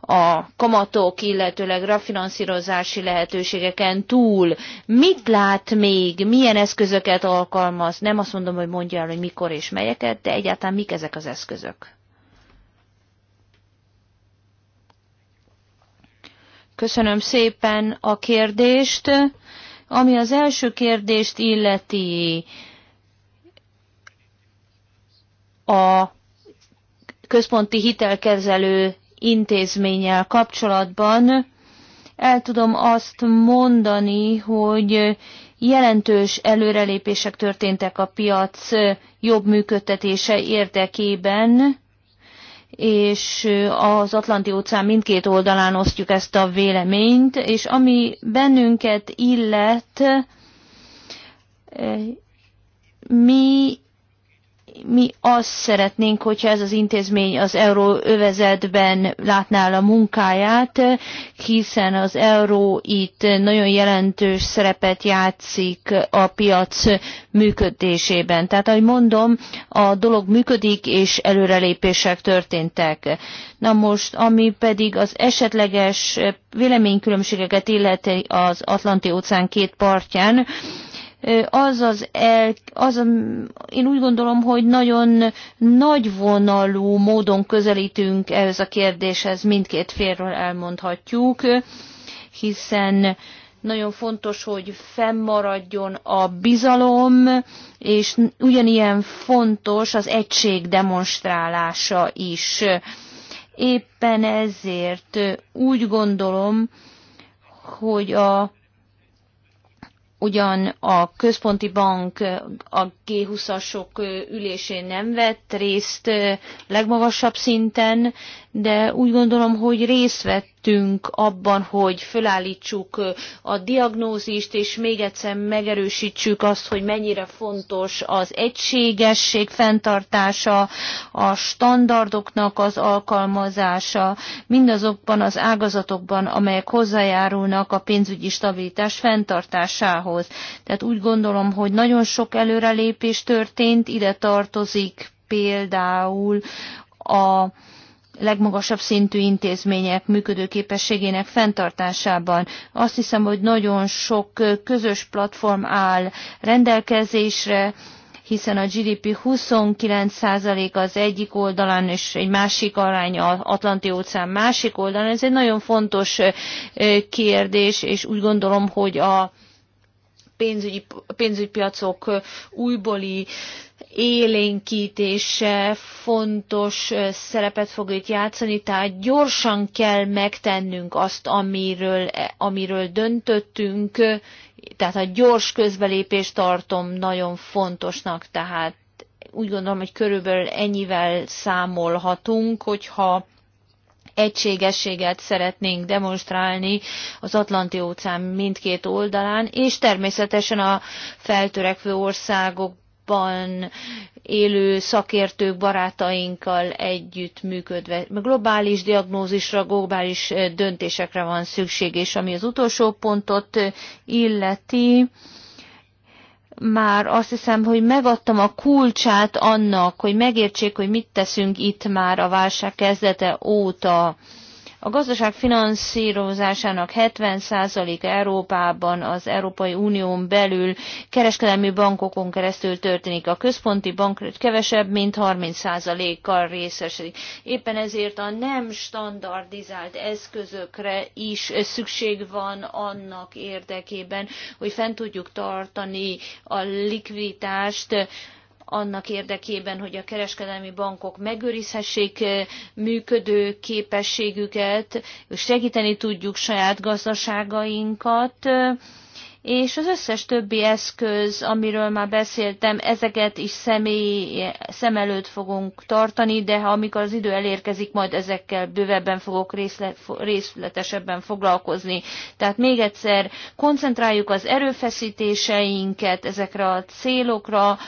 a kamatok, illetőleg rafinanszírozási lehetőségeken túl. Mit lát még, milyen eszközöket alkalmaz? Nem azt mondom, hogy mondja el, hogy mikor és melyeket, de egyáltalán mik ezek az eszközök? Köszönöm szépen a kérdést. Ami az első kérdést illeti, a központi hitelkezelő intézménnyel kapcsolatban el tudom azt mondani, hogy jelentős előrelépések történtek a piac jobb működtetése érdekében és az Atlanti óceán mindkét oldalán osztjuk ezt a véleményt, és ami bennünket illet, mi mi azt szeretnénk, hogyha ez az intézmény az euróövezetben látná el a munkáját, hiszen az euró itt nagyon jelentős szerepet játszik a piac működésében. Tehát, ahogy mondom, a dolog működik, és előrelépések történtek. Na most, ami pedig az esetleges véleménykülönbségeket illeti az Atlanti óceán két partján, az az, el, az a, én úgy gondolom, hogy nagyon nagyvonalú módon közelítünk ehhez a kérdéshez, mindkét félről elmondhatjuk, hiszen nagyon fontos, hogy fennmaradjon a bizalom, és ugyanilyen fontos az egység demonstrálása is. Éppen ezért úgy gondolom, hogy a ugyan a központi bank a G20-asok ülésén nem vett részt legmagasabb szinten, de úgy gondolom, hogy részt vettünk abban, hogy fölállítsuk a diagnózist, és még egyszer megerősítsük azt, hogy mennyire fontos az egységesség fenntartása, a standardoknak az alkalmazása, mindazokban az ágazatokban, amelyek hozzájárulnak a pénzügyi stabilitás fenntartásához. Tehát úgy gondolom, hogy nagyon sok előrelépés lépés történt, ide tartozik például a legmagasabb szintű intézmények működőképességének fenntartásában. Azt hiszem, hogy nagyon sok közös platform áll rendelkezésre, hiszen a GDP 29% az egyik oldalán, és egy másik arány az Atlanti óceán másik oldalán. Ez egy nagyon fontos kérdés, és úgy gondolom, hogy a pénzügyi, pénzügypiacok újbóli élénkítése fontos szerepet fog itt játszani, tehát gyorsan kell megtennünk azt, amiről, e, amiről döntöttünk, tehát a gyors közbelépést tartom nagyon fontosnak, tehát úgy gondolom, hogy körülbelül ennyivel számolhatunk, hogyha egységességet szeretnénk demonstrálni az Atlanti óceán mindkét oldalán, és természetesen a feltörekvő országokban élő szakértők, barátainkkal együtt működve. Globális diagnózisra, globális döntésekre van szükség, és ami az utolsó pontot illeti, már azt hiszem, hogy megadtam a kulcsát annak, hogy megértsék, hogy mit teszünk itt már a válság kezdete óta. A gazdaság finanszírozásának 70%-a Európában az Európai Unión belül kereskedelmi bankokon keresztül történik. A központi bank kevesebb, mint 30%-kal részesedik. Éppen ezért a nem standardizált eszközökre is szükség van annak érdekében, hogy fent tudjuk tartani a likviditást, annak érdekében, hogy a kereskedelmi bankok megőrizhessék eh, működő képességüket, és segíteni tudjuk saját gazdaságainkat, eh, és az összes többi eszköz, amiről már beszéltem, ezeket is személy, szem előtt fogunk tartani, de ha amikor az idő elérkezik, majd ezekkel bővebben fogok részletesebben foglalkozni. Tehát még egyszer koncentráljuk az erőfeszítéseinket ezekre a célokra,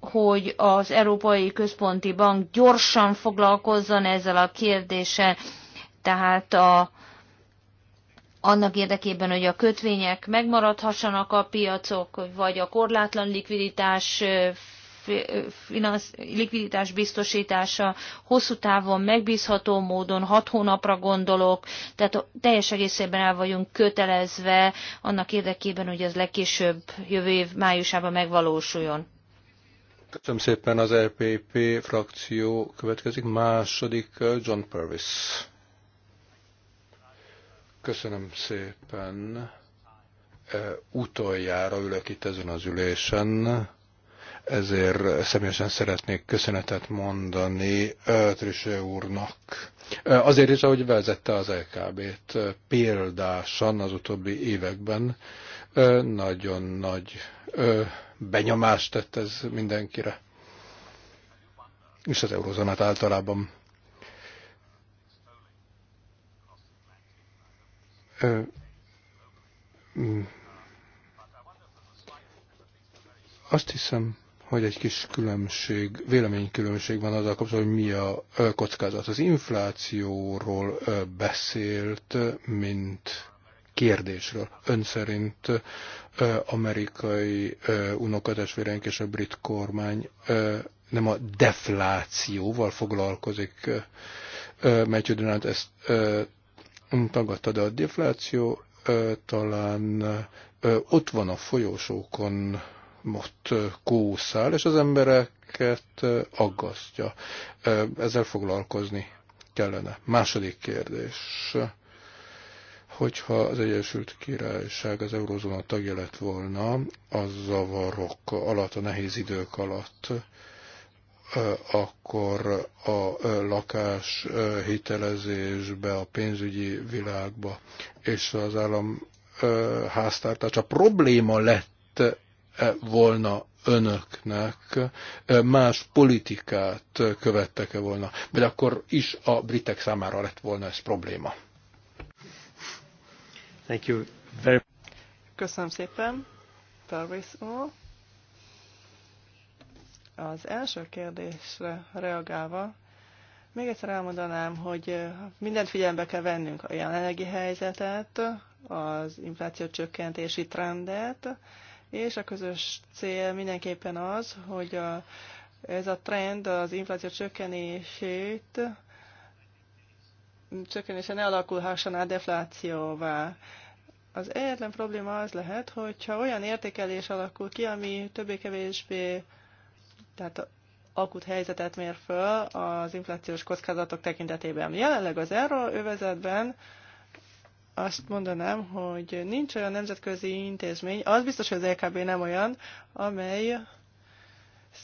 hogy az Európai Központi Bank gyorsan foglalkozzon ezzel a kérdéssel, tehát a, annak érdekében, hogy a kötvények megmaradhassanak a piacok, vagy a korlátlan likviditás finansz, likviditás biztosítása hosszú távon megbízható módon, hat hónapra gondolok, tehát teljes egészében el vagyunk kötelezve annak érdekében, hogy ez legkésőbb jövő év májusában megvalósuljon. Köszönöm szépen e az LPP frakció következik. Második John Purvis. Köszönöm szépen. E, utoljára ülök itt ezen az ülésen, ezért személyesen szeretnék köszönetet mondani e, Trisé úrnak. Azért is, ahogy vezette az LKB-t példásan az utóbbi években, nagyon nagy benyomást tett ez mindenkire. És az eurozonát általában. Ö, mm. azt hiszem, hogy egy kis különbség, véleménykülönbség van azzal kapcsolatban, hogy mi a kockázat. Az inflációról beszélt, mint kérdésről. Ön szerint amerikai unokatestvéreink és a brit kormány nem a deflációval foglalkozik. Matthew Donald ezt tagadta, de a defláció talán ott van a folyosókon ott kószál, és az embereket aggasztja. Ezzel foglalkozni kellene. Második kérdés hogyha az Egyesült Királyság az eurozóna tagja lett volna, a zavarok alatt, a nehéz idők alatt, akkor a lakás hitelezésbe, a pénzügyi világba és az állam a probléma lett volna önöknek, más politikát követtek-e volna, vagy akkor is a britek számára lett volna ez probléma. Thank you very Köszönöm szépen, Tarvis úr. Az első kérdésre reagálva, még egyszer elmondanám, hogy mindent figyelembe kell vennünk, a jelenlegi helyzetet, az infláció csökkentési trendet, és a közös cél mindenképpen az, hogy a, ez a trend az infláció csökkenését csökkenése ne alakulhasson a deflációvá. Az egyetlen probléma az lehet, hogyha olyan értékelés alakul ki, ami többé-kevésbé, tehát akut helyzetet mér föl az inflációs kockázatok tekintetében. Jelenleg az erről övezetben azt mondanám, hogy nincs olyan nemzetközi intézmény, az biztos, hogy az LKB e nem olyan, amely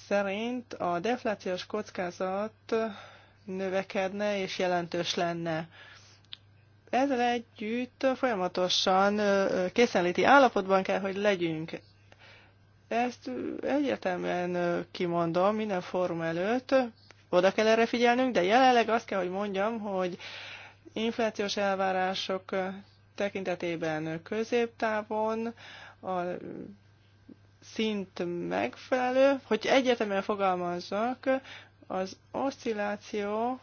szerint a deflációs kockázat növekedne és jelentős lenne. Ezzel együtt folyamatosan készenléti állapotban kell, hogy legyünk. Ezt egyetemen kimondom minden fórum előtt, oda kell erre figyelnünk, de jelenleg azt kell, hogy mondjam, hogy inflációs elvárások tekintetében középtávon a szint megfelelő, hogy egyetemen fogalmazzak, az oszcilláció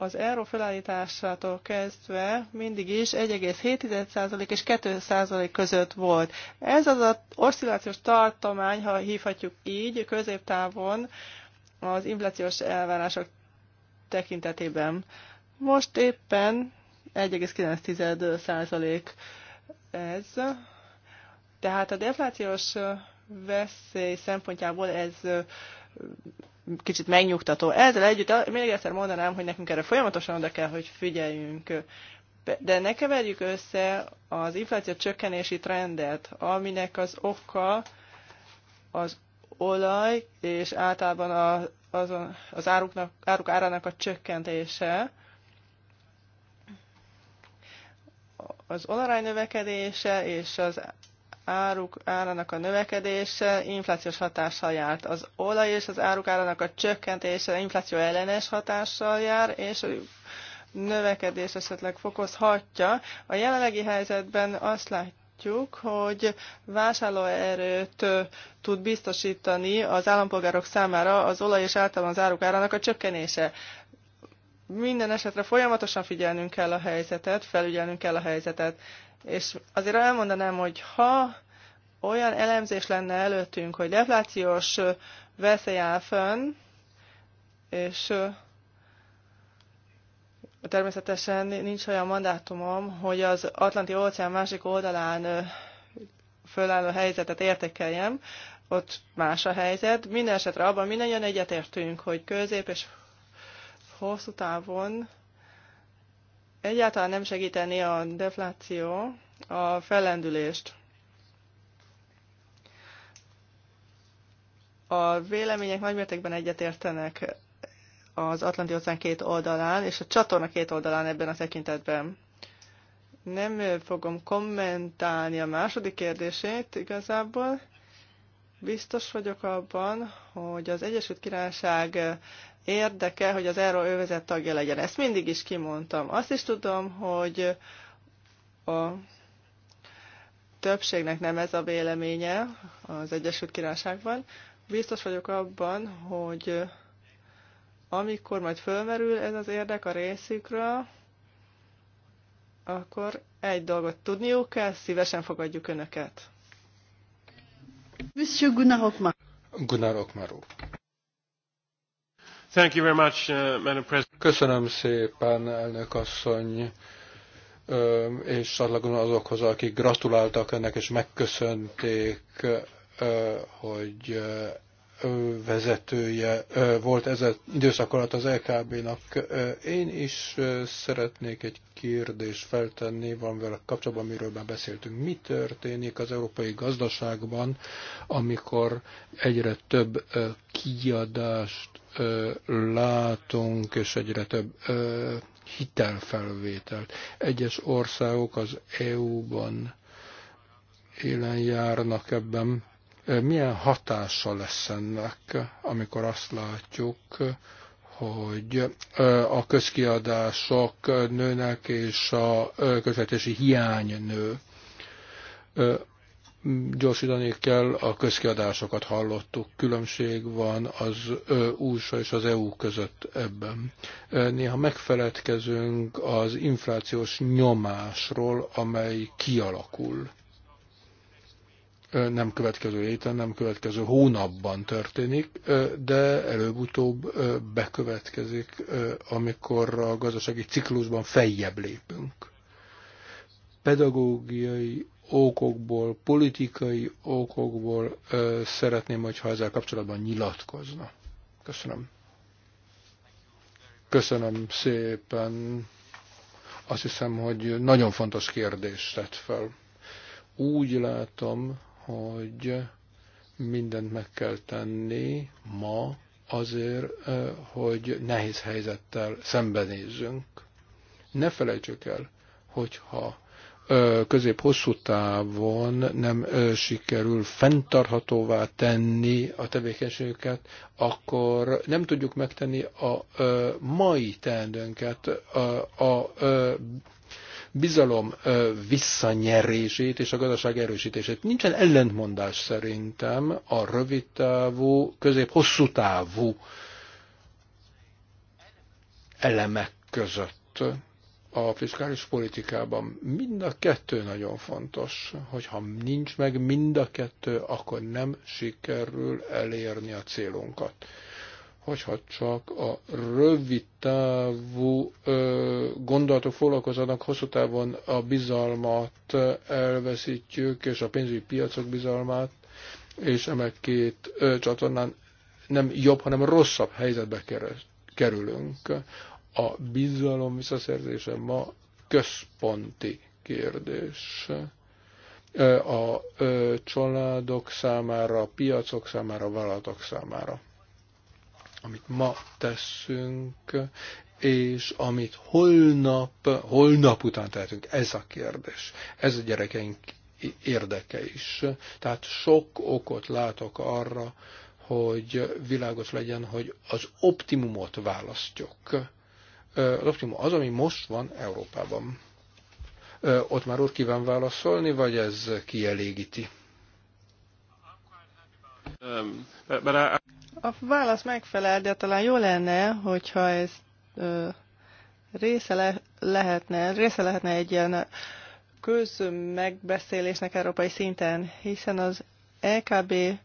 az euró felállításától kezdve mindig is 1,7% és 2% között volt. Ez az az oszcillációs tartomány, ha hívhatjuk így, középtávon az inflációs elvárások tekintetében. Most éppen 1,9% ez. Tehát a deflációs veszély szempontjából ez kicsit megnyugtató. Ezzel együtt még egyszer mondanám, hogy nekünk erre folyamatosan oda kell, hogy figyeljünk. De ne keverjük össze az infláció csökkenési trendet, aminek az oka az olaj és általában a, az, az áruknak, áruk árának a csökkentése. Az olaj növekedése és az áruk árának a növekedése inflációs hatással járt. Az olaj és az áruk árának a csökkentése infláció ellenes hatással jár, és növekedés esetleg fokozhatja. A jelenlegi helyzetben azt látjuk, hogy vásárlóerőt tud biztosítani az állampolgárok számára az olaj és általában az áruk árának a csökkenése minden esetre folyamatosan figyelnünk kell a helyzetet, felügyelnünk kell a helyzetet. És azért elmondanám, hogy ha olyan elemzés lenne előttünk, hogy deflációs veszély áll fönn, és természetesen nincs olyan mandátumom, hogy az Atlanti óceán másik oldalán fölálló helyzetet értékeljem, ott más a helyzet. Minden esetre abban mindannyian egyetértünk, hogy közép és hosszú távon egyáltalán nem segíteni a defláció, a fellendülést. A vélemények nagymértékben egyetértenek az Atlanti óceán két oldalán, és a csatorna két oldalán ebben a tekintetben. Nem fogom kommentálni a második kérdését igazából. Biztos vagyok abban, hogy az Egyesült Királyság érdeke, hogy az övezet tagja legyen. Ezt mindig is kimondtam. Azt is tudom, hogy a többségnek nem ez a véleménye az Egyesült Királyságban. Biztos vagyok abban, hogy amikor majd fölmerül ez az érdek a részükről, akkor egy dolgot tudniuk kell, szívesen fogadjuk Önöket. Monsieur Gunnar Okmaru. Gunnar Okmar Uh, Köszönöm szépen, elnök asszony, és csatlakozom azokhoz, akik gratuláltak ennek, és megköszönték, hogy vezetője volt ez az időszak alatt az LKB-nak. E én is szeretnék egy kérdést feltenni van vele kapcsolatban, miről már beszéltünk. Mi történik az európai gazdaságban, amikor egyre több kiadást látunk, és egyre több hitelfelvételt. Egyes országok az EU-ban élen járnak ebben milyen hatása lesz ennek, amikor azt látjuk, hogy a közkiadások nőnek, és a közvetési hiány nő. Gyorsítani kell a közkiadásokat, hallottuk. Különbség van az USA és az EU között ebben. Néha megfeledkezünk az inflációs nyomásról, amely kialakul nem következő héten, nem következő hónapban történik, de előbb-utóbb bekövetkezik, amikor a gazdasági ciklusban feljebb lépünk. Pedagógiai okokból, politikai okokból szeretném, hogyha ezzel kapcsolatban nyilatkozna. Köszönöm. Köszönöm szépen. Azt hiszem, hogy nagyon fontos kérdést tett fel. Úgy látom, hogy mindent meg kell tenni ma azért, hogy nehéz helyzettel szembenézzünk. Ne felejtsük el, hogyha közép-hosszú távon nem sikerül fenntarthatóvá tenni a tevékenységüket, akkor nem tudjuk megtenni a mai teendőnket a bizalom visszanyerését és a gazdaság erősítését. Nincsen ellentmondás szerintem a rövid távú, közép-hosszú távú elemek között a fiskális politikában. Mind a kettő nagyon fontos, hogyha nincs meg mind a kettő, akkor nem sikerül elérni a célunkat hogyha csak a rövid távú ö, gondolatok foglalkozanak, hosszú távon a bizalmat elveszítjük, és a pénzügyi piacok bizalmát, és emek két ö, csatornán nem jobb, hanem rosszabb helyzetbe kerülünk. A bizalom visszaszerzése ma központi kérdés a családok számára, a piacok számára, a vállalatok számára amit ma teszünk, és amit holnap, holnap után tehetünk, ez a kérdés. Ez a gyerekeink érdeke is. Tehát sok okot látok arra, hogy világos legyen, hogy az optimumot választjuk. Az optimum az, ami most van Európában. Ott már úr kíván válaszolni, vagy ez kielégíti? Um, but, but I... A válasz megfelel, de talán jó lenne, hogyha ez ö, része le, lehetne, része lehetne egy ilyen közmegbeszélésnek európai szinten, hiszen az LKB e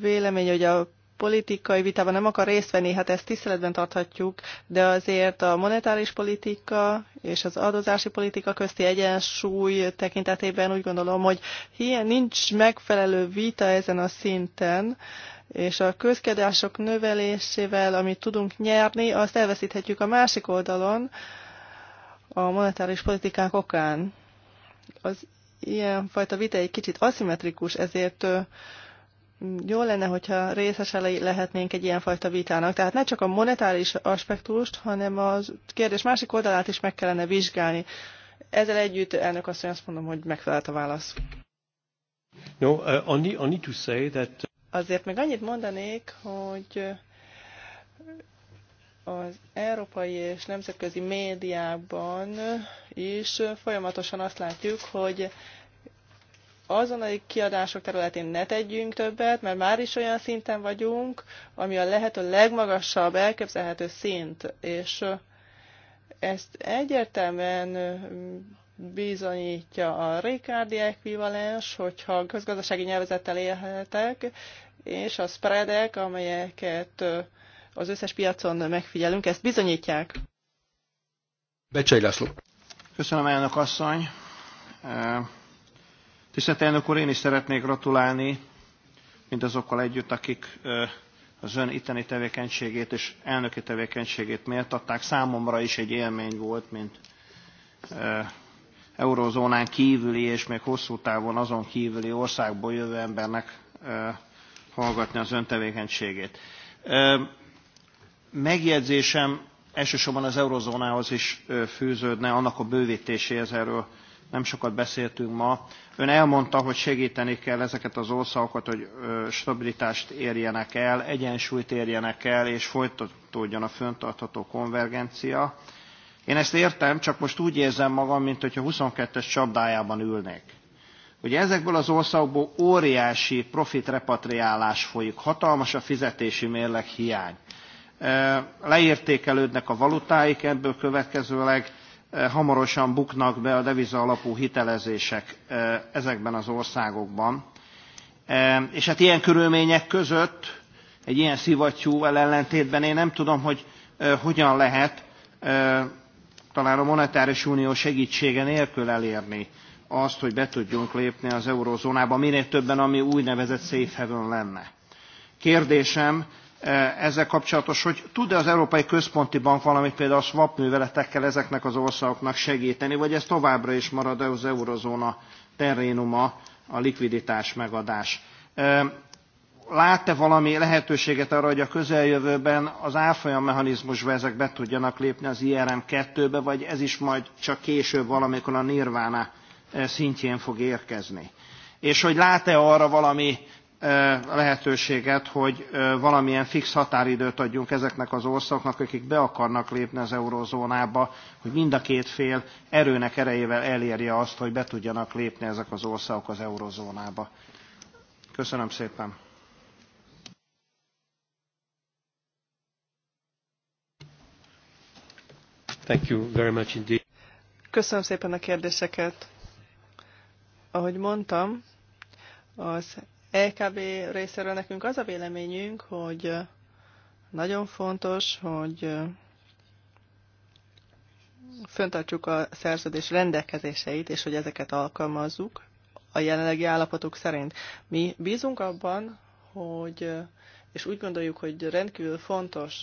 vélemény, hogy a politikai vitában nem akar részt venni, hát ezt tiszteletben tarthatjuk, de azért a monetáris politika és az adózási politika közti egyensúly tekintetében úgy gondolom, hogy hiány nincs megfelelő vita ezen a szinten, és a közkedások növelésével, amit tudunk nyerni, azt elveszíthetjük a másik oldalon, a monetáris politikák okán. Az ilyenfajta vita egy kicsit aszimmetrikus, ezért jó lenne, hogyha részesei lehetnénk egy ilyenfajta vitának. Tehát ne csak a monetáris aspektust, hanem a kérdés másik oldalát is meg kellene vizsgálni. Ezzel együtt elnök asszony azt mondom, hogy megfelelt a válasz. No, uh, only, only to say that Azért még annyit mondanék, hogy az európai és nemzetközi médiában is folyamatosan azt látjuk, hogy azon a kiadások területén ne tegyünk többet, mert már is olyan szinten vagyunk, ami a lehető legmagasabb elképzelhető szint, és ezt egyértelműen bizonyítja a Ricardi ekvivalens, hogyha közgazdasági nyelvezettel élhetek, és a spreadek, amelyeket az összes piacon megfigyelünk, ezt bizonyítják. Becsei László. Köszönöm, elnök asszony. Tisztelt elnök úr, én is szeretnék gratulálni mindazokkal együtt, akik az ön itteni tevékenységét és elnöki tevékenységét méltatták. Számomra is egy élmény volt, mint eurozónán kívüli és még hosszú távon azon kívüli országból jövő embernek hallgatni az ön tevékenységét. Megjegyzésem elsősorban az eurozónához is fűződne, annak a bővítéséhez erről nem sokat beszéltünk ma. Ön elmondta, hogy segíteni kell ezeket az országokat, hogy stabilitást érjenek el, egyensúlyt érjenek el, és folytatódjon a föntartható konvergencia. Én ezt értem, csak most úgy érzem magam, mint hogyha 22-es csapdájában ülnék. Ugye ezekből az országokból óriási profit repatriálás folyik, hatalmas a fizetési mérleg hiány. Leértékelődnek a valutáik, ebből következőleg hamarosan buknak be a deviza alapú hitelezések ezekben az országokban. És hát ilyen körülmények között, egy ilyen szivattyúval ellentétben én nem tudom, hogy hogyan lehet talán a monetáris unió segítsége nélkül elérni azt, hogy be tudjunk lépni az eurozónába minél többen, ami úgynevezett safe haven lenne. Kérdésem e, ezzel kapcsolatos, hogy tud-e az Európai Központi Bank valamit például a swap műveletekkel ezeknek az országoknak segíteni, vagy ez továbbra is marad az eurozóna terénuma, a likviditás megadás. E, lát-e valami lehetőséget arra, hogy a közeljövőben az árfolyam mechanizmusba ezek be tudjanak lépni az IRM2-be, vagy ez is majd csak később valamikor a nirvána eh, szintjén fog érkezni. És hogy lát-e arra valami eh, lehetőséget, hogy eh, valamilyen fix határidőt adjunk ezeknek az országoknak, akik be akarnak lépni az eurozónába, hogy mind a két fél erőnek erejével elérje azt, hogy be tudjanak lépni ezek az országok az eurozónába. Köszönöm szépen! Thank you very much indeed. Köszönöm szépen a kérdéseket. Ahogy mondtam, az EKB részéről nekünk az a véleményünk, hogy nagyon fontos, hogy föntartsuk a szerződés rendelkezéseit, és hogy ezeket alkalmazzuk a jelenlegi állapotok szerint. Mi bízunk abban, hogy, és úgy gondoljuk, hogy rendkívül fontos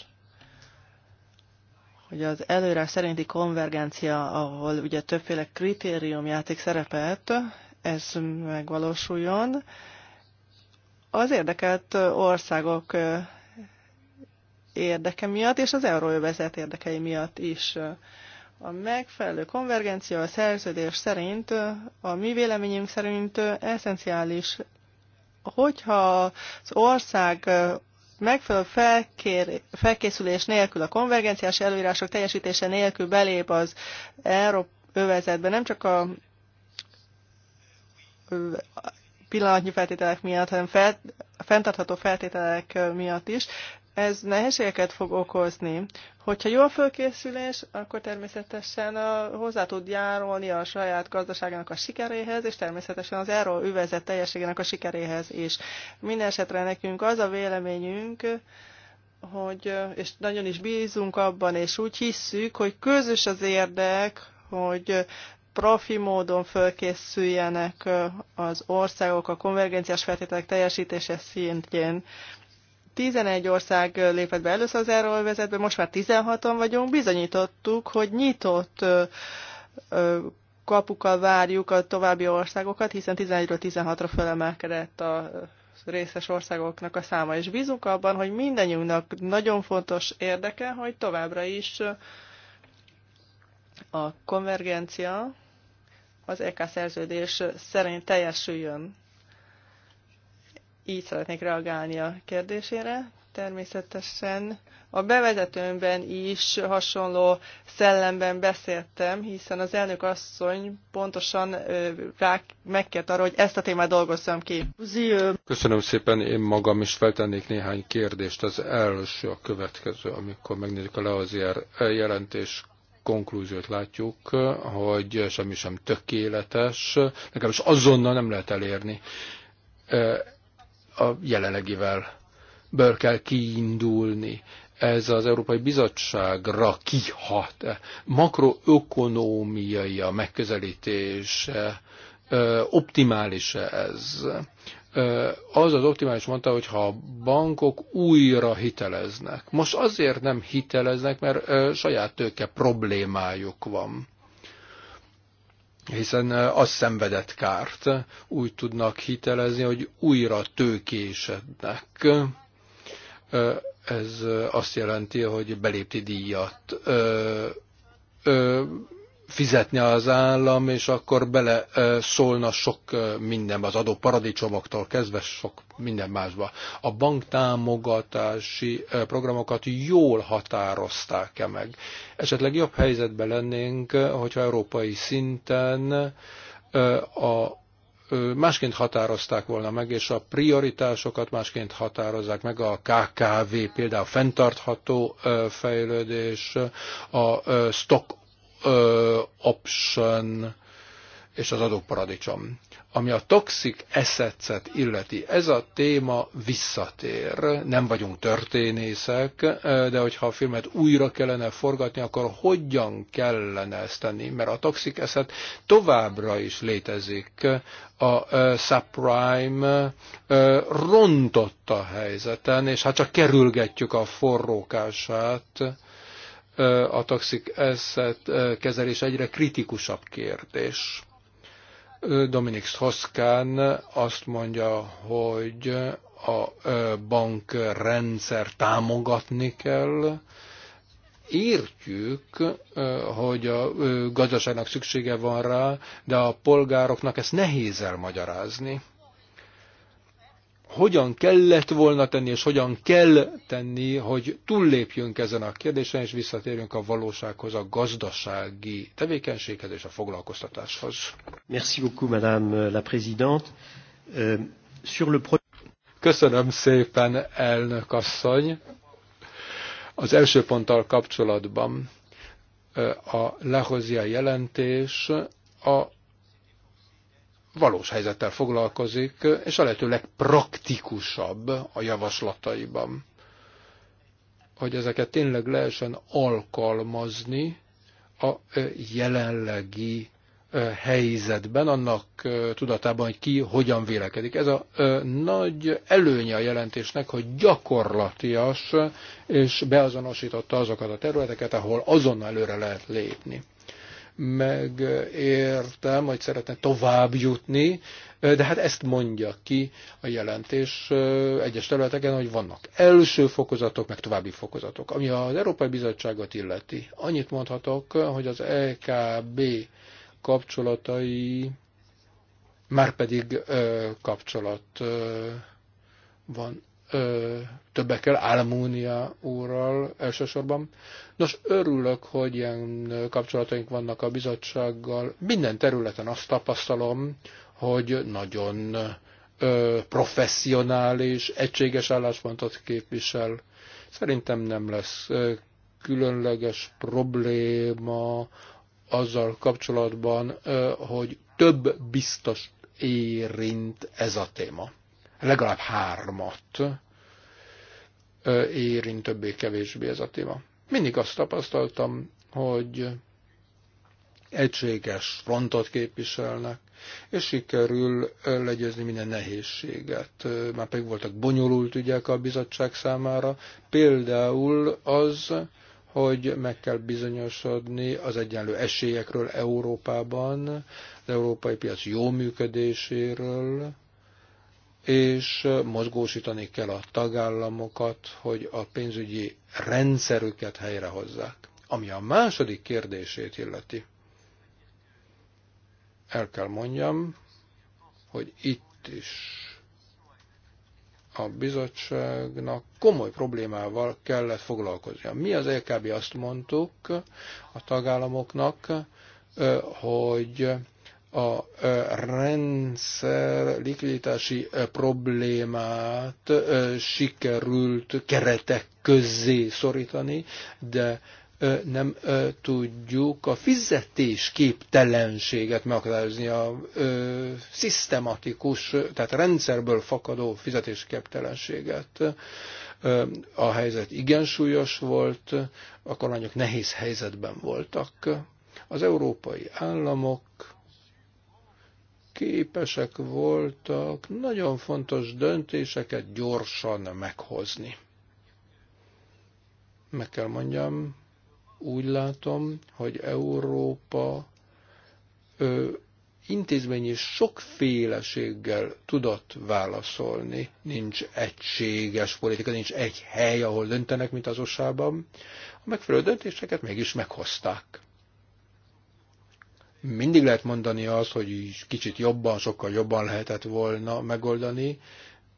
hogy az előre szerinti konvergencia, ahol ugye többféle kritérium kritériumjáték szerepelt, ez megvalósuljon. Az érdekelt országok érdeke miatt, és az euróövezet érdekei miatt is. A megfelelő konvergencia a szerződés szerint, a mi véleményünk szerint eszenciális hogyha az ország megfelelő felkér, felkészülés nélkül, a konvergenciás előírások teljesítése nélkül belép az Európa övezetbe, nem csak a pillanatnyi feltételek miatt, hanem fel, fenntartható feltételek miatt is, ez nehézségeket fog okozni. Hogyha jó a fölkészülés, akkor természetesen hozzá tud járulni a saját gazdaságának a sikeréhez, és természetesen az erről üvezet teljességének a sikeréhez is. Minden esetre nekünk az a véleményünk, hogy, és nagyon is bízunk abban, és úgy hisszük, hogy közös az érdek, hogy profi módon fölkészüljenek az országok a konvergenciás feltételek teljesítése szintjén. 11 ország lépett be először az euróvezetbe, most már 16-an vagyunk, bizonyítottuk, hogy nyitott kapukkal várjuk a további országokat, hiszen 11-ről 16-ra fölemelkedett a részes országoknak a száma, és bízunk abban, hogy mindannyiunknak nagyon fontos érdeke, hogy továbbra is a konvergencia az EK szerződés szerint teljesüljön így szeretnék reagálni a kérdésére. Természetesen a bevezetőmben is hasonló szellemben beszéltem, hiszen az elnök asszony pontosan rá megkért arra, hogy ezt a témát dolgozzam ki. Köszönöm szépen, én magam is feltennék néhány kérdést. Az első a következő, amikor megnézzük a Leozier jelentés konklúziót látjuk, hogy semmi sem tökéletes, legalábbis azonnal nem lehet elérni a jelenlegivel ből kell kiindulni. Ez az Európai Bizottságra kihat. Makroökonómiai a megközelítés, optimális ez. Az az optimális mondta, hogy ha a bankok újra hiteleznek. Most azért nem hiteleznek, mert saját tőke problémájuk van hiszen az szenvedett kárt úgy tudnak hitelezni, hogy újra tőkésednek. Ez azt jelenti, hogy belépti díjat fizetni az állam, és akkor bele szólna sok minden, az adó paradicsomoktól kezdve sok minden másba. A banktámogatási programokat jól határozták-e meg? Esetleg jobb helyzetben lennénk, hogyha európai szinten a másként határozták volna meg, és a prioritásokat másként határozzák meg, a KKV, például fenntartható fejlődés, a stock option és az adóparadicsom. Ami a toxic assets illeti, ez a téma visszatér. Nem vagyunk történészek, de hogyha a filmet újra kellene forgatni, akkor hogyan kellene ezt tenni? Mert a toxic asset továbbra is létezik. A subprime rontott a helyzeten, és hát csak kerülgetjük a forrókását a toxic asset kezelés egyre kritikusabb kérdés. Dominik Hoskán azt mondja, hogy a bankrendszer támogatni kell. Értjük, hogy a gazdaságnak szüksége van rá, de a polgároknak ezt nehéz elmagyarázni hogyan kellett volna tenni, és hogyan kell tenni, hogy túllépjünk ezen a kérdésen, és visszatérjünk a valósághoz, a gazdasági tevékenységhez és a foglalkoztatáshoz. Merci beaucoup, Madame la Présidente. Euh, sur le Köszönöm szépen, elnök asszony. Az első ponttal kapcsolatban a Lahozia jelentés a valós helyzettel foglalkozik, és a lehető legpraktikusabb a javaslataiban. Hogy ezeket tényleg lehessen alkalmazni a jelenlegi helyzetben, annak tudatában, hogy ki hogyan vélekedik. Ez a nagy előnye a jelentésnek, hogy gyakorlatias és beazonosította azokat a területeket, ahol azonnal előre lehet lépni megértem, hogy szeretne tovább jutni, de hát ezt mondja ki a jelentés egyes területeken, hogy vannak első fokozatok, meg további fokozatok. Ami az Európai Bizottságot illeti, annyit mondhatok, hogy az EKB kapcsolatai már pedig kapcsolat van többekkel, Almúnia úrral elsősorban. Nos, örülök, hogy ilyen kapcsolataink vannak a bizottsággal. Minden területen azt tapasztalom, hogy nagyon ö, professzionális, egységes álláspontot képvisel. Szerintem nem lesz ö, különleges probléma azzal kapcsolatban, ö, hogy több biztos érint ez a téma legalább hármat érint többé-kevésbé ez a téma. Mindig azt tapasztaltam, hogy egységes frontot képviselnek, és sikerül legyőzni minden nehézséget. Már pedig voltak bonyolult ügyek a bizottság számára, például az, hogy meg kell bizonyosodni az egyenlő esélyekről Európában, az európai piac jó működéséről, és mozgósítani kell a tagállamokat, hogy a pénzügyi rendszerüket helyrehozzák. Ami a második kérdését illeti, el kell mondjam, hogy itt is a bizottságnak komoly problémával kellett foglalkoznia. Mi az LKB azt mondtuk a tagállamoknak, hogy a e, rendszer likviditási e, problémát e, sikerült keretek közé szorítani, de nem tudjuk a fizetés képtelenséget megakadályozni, a szisztematikus, tehát rendszerből fakadó fizetés képtelenséget. A helyzet igen súlyos volt, a kormányok nehéz helyzetben voltak. Az európai államok képesek voltak nagyon fontos döntéseket gyorsan meghozni. Meg kell mondjam, úgy látom, hogy Európa ö, intézményi sokféleséggel tudott válaszolni. Nincs egységes politika, nincs egy hely, ahol döntenek, mint az USA-ban. A megfelelő döntéseket mégis meghozták. Mindig lehet mondani azt, hogy kicsit jobban, sokkal jobban lehetett volna megoldani,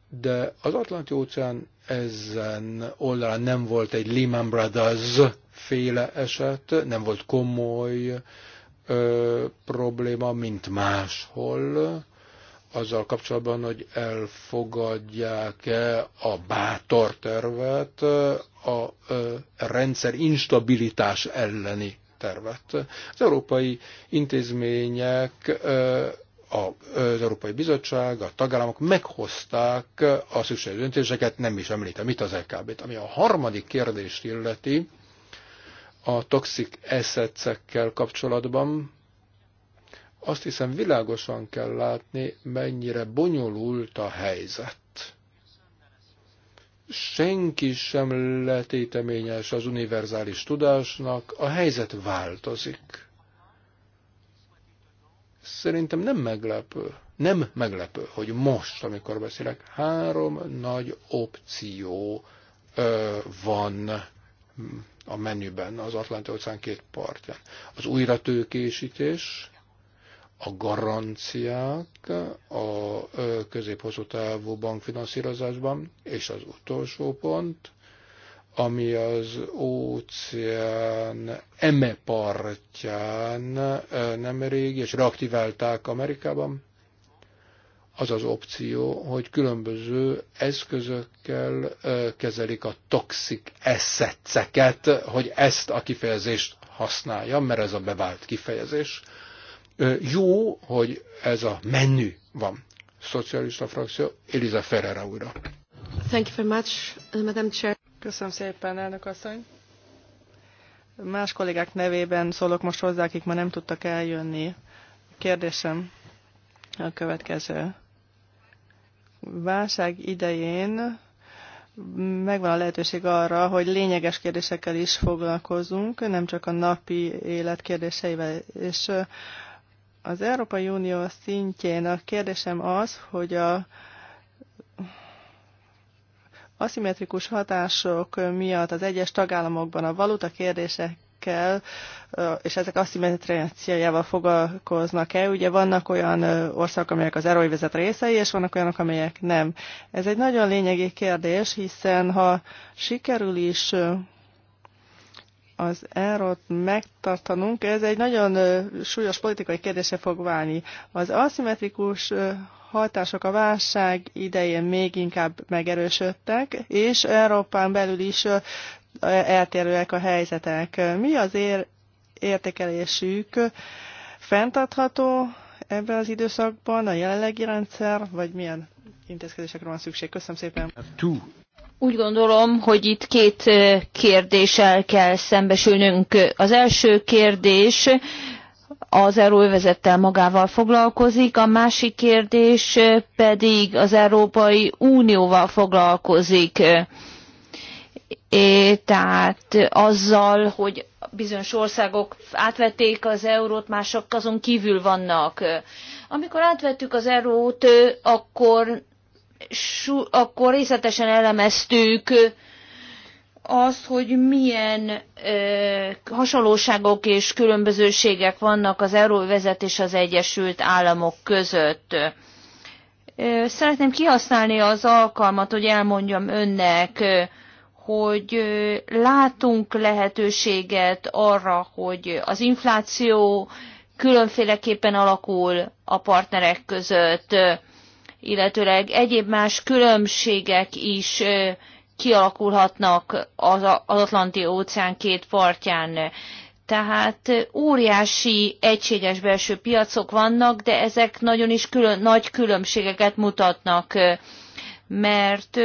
de az Atlanti óceán ezen oldalán nem volt egy Lehman Brothers féle eset, nem volt komoly ö, probléma, mint máshol, azzal kapcsolatban, hogy elfogadják-e a bátor tervet a ö, rendszer instabilitás elleni tervet. Az európai intézmények, az Európai Bizottság, a tagállamok meghozták a szükséges döntéseket, nem is említem itt az LKB-t. Ami a harmadik kérdést illeti, a toxic assets kapcsolatban, azt hiszem világosan kell látni, mennyire bonyolult a helyzet senki sem letéteményes az univerzális tudásnak, a helyzet változik. Szerintem nem meglepő, nem meglepő, hogy most, amikor beszélek, három nagy opció ö, van a menüben az Atlanti-óceán két partján. Az újratőkésítés, a garanciák a e, középhosszú távú bankfinanszírozásban, és az utolsó pont, ami az óceán eme partján e, nem rég, és reaktiválták Amerikában, az az opció, hogy különböző eszközökkel e, kezelik a toxic assets hogy ezt a kifejezést használja, mert ez a bevált kifejezés, Jó, hogy ez a menü van. Szocialista frakció, Eliza Ferrera újra. Thank you very much, Madam Chair. Köszönöm szépen, elnök asszony. Más kollégák nevében szólok most hozzá, akik ma nem tudtak eljönni. Kérdésem a következő. Válság idején megvan a lehetőség arra, hogy lényeges kérdésekkel is foglalkozunk, nem csak a napi élet kérdéseivel. És az Európai Unió szintjén a kérdésem az, hogy a aszimmetrikus hatások miatt az egyes tagállamokban a valuta kérdésekkel és ezek aszimmetriájával foglalkoznak-e. Ugye vannak olyan országok, amelyek az vezet részei, és vannak olyanok, amelyek nem. Ez egy nagyon lényegi kérdés, hiszen ha sikerül is az erot megtartanunk, ez egy nagyon súlyos politikai kérdése fog válni. Az aszimmetrikus hatások a válság idején még inkább megerősödtek, és Európán belül is eltérőek a helyzetek. Mi az ér értékelésük? Fenntartható ebben az időszakban a jelenlegi rendszer, vagy milyen intézkedésekre van szükség? Köszönöm szépen. Two. Úgy gondolom, hogy itt két kérdéssel kell szembesülnünk. Az első kérdés az euróövezettel magával foglalkozik, a másik kérdés pedig az Európai Unióval foglalkozik. É, tehát azzal, hogy bizonyos országok átvették az eurót, mások azon kívül vannak. Amikor átvettük az eurót, akkor és akkor részletesen elemeztük azt, hogy milyen ö, hasonlóságok és különbözőségek vannak az euróvezet és az Egyesült Államok között. Ö, szeretném kihasználni az alkalmat, hogy elmondjam önnek, hogy látunk lehetőséget arra, hogy az infláció különféleképpen alakul a partnerek között. Ö, illetőleg egyéb más különbségek is kialakulhatnak az Atlanti óceán két partján. Tehát óriási egységes belső piacok vannak, de ezek nagyon is külön, nagy különbségeket mutatnak, mert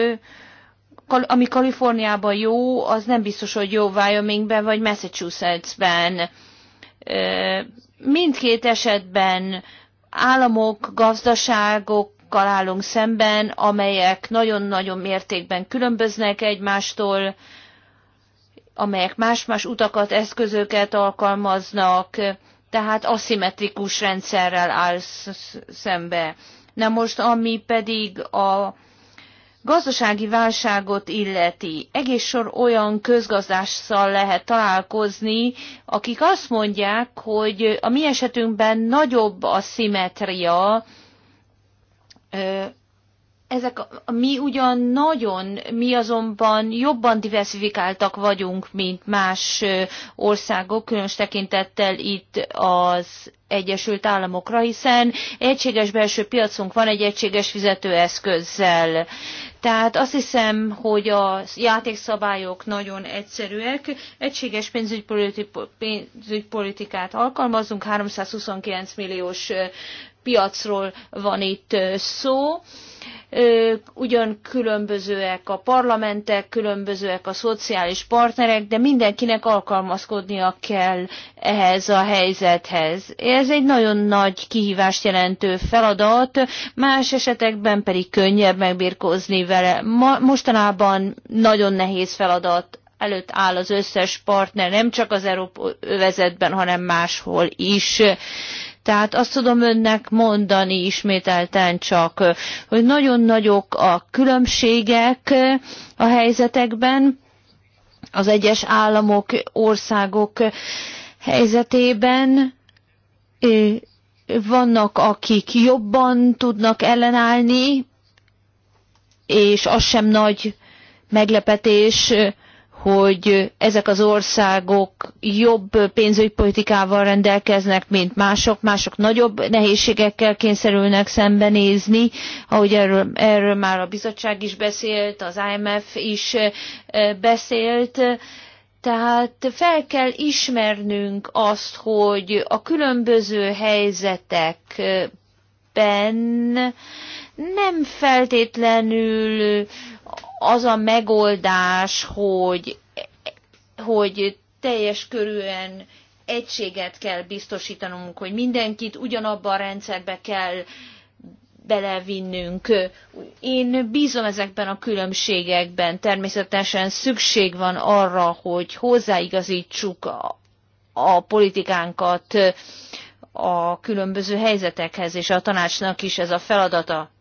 ami Kaliforniában jó, az nem biztos, hogy jó Wyomingben vagy Massachusettsben. Mindkét esetben államok, gazdaságok országokkal állunk szemben, amelyek nagyon-nagyon mértékben különböznek egymástól, amelyek más-más utakat, eszközöket alkalmaznak, tehát aszimmetrikus rendszerrel áll szembe. Na most, ami pedig a gazdasági válságot illeti. Egész sor olyan közgazdásszal lehet találkozni, akik azt mondják, hogy a mi esetünkben nagyobb a szimetria, ezek mi ugyan nagyon, mi azonban jobban diversifikáltak vagyunk, mint más országok, különös tekintettel itt az Egyesült Államokra, hiszen egységes belső piacunk van egy egységes fizetőeszközzel. Tehát azt hiszem, hogy a játékszabályok nagyon egyszerűek. Egységes pénzügypolitikát alkalmazunk, 329 milliós piacról van itt szó, ugyan különbözőek a parlamentek, különbözőek a szociális partnerek, de mindenkinek alkalmazkodnia kell ehhez a helyzethez. Ez egy nagyon nagy kihívást jelentő feladat, más esetekben pedig könnyebb megbirkózni vele. mostanában nagyon nehéz feladat előtt áll az összes partner, nem csak az Európa övezetben, hanem máshol is. Tehát azt tudom önnek mondani ismételten csak, hogy nagyon nagyok a különbségek a helyzetekben, az egyes államok, országok helyzetében, vannak, akik jobban tudnak ellenállni, és az sem nagy meglepetés, hogy ezek az országok jobb pénzügypolitikával rendelkeznek, mint mások, mások nagyobb nehézségekkel kényszerülnek szembenézni, ahogy erről, erről már a bizottság is beszélt, az IMF is eh, beszélt. Tehát fel kell ismernünk azt, hogy a különböző helyzetekben nem feltétlenül az a megoldás, hogy, hogy teljes körűen egységet kell biztosítanunk, hogy mindenkit ugyanabba a rendszerbe kell belevinnünk. Én bízom ezekben a különbségekben. Természetesen szükség van arra, hogy hozzáigazítsuk a, a politikánkat a különböző helyzetekhez, és a tanácsnak is ez a feladata.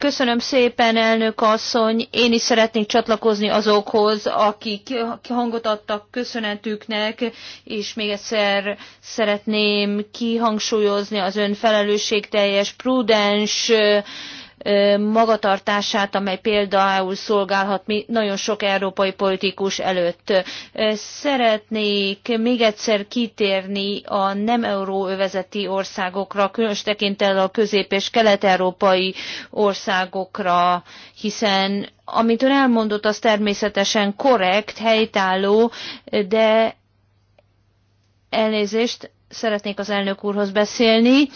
Köszönöm szépen, elnök asszony. Én is szeretnék csatlakozni azokhoz, akik hangot adtak köszönetüknek, és még egyszer szeretném kihangsúlyozni az ön felelősségteljes, prudens magatartását, amely például szolgálhat nagyon sok európai politikus előtt. Szeretnék még egyszer kitérni a nem euróövezeti országokra, különös tekintettel a közép- és kelet-európai országokra, hiszen amit ön elmondott, az természetesen korrekt, helytálló, de elnézést, szeretnék az elnök úrhoz beszélni,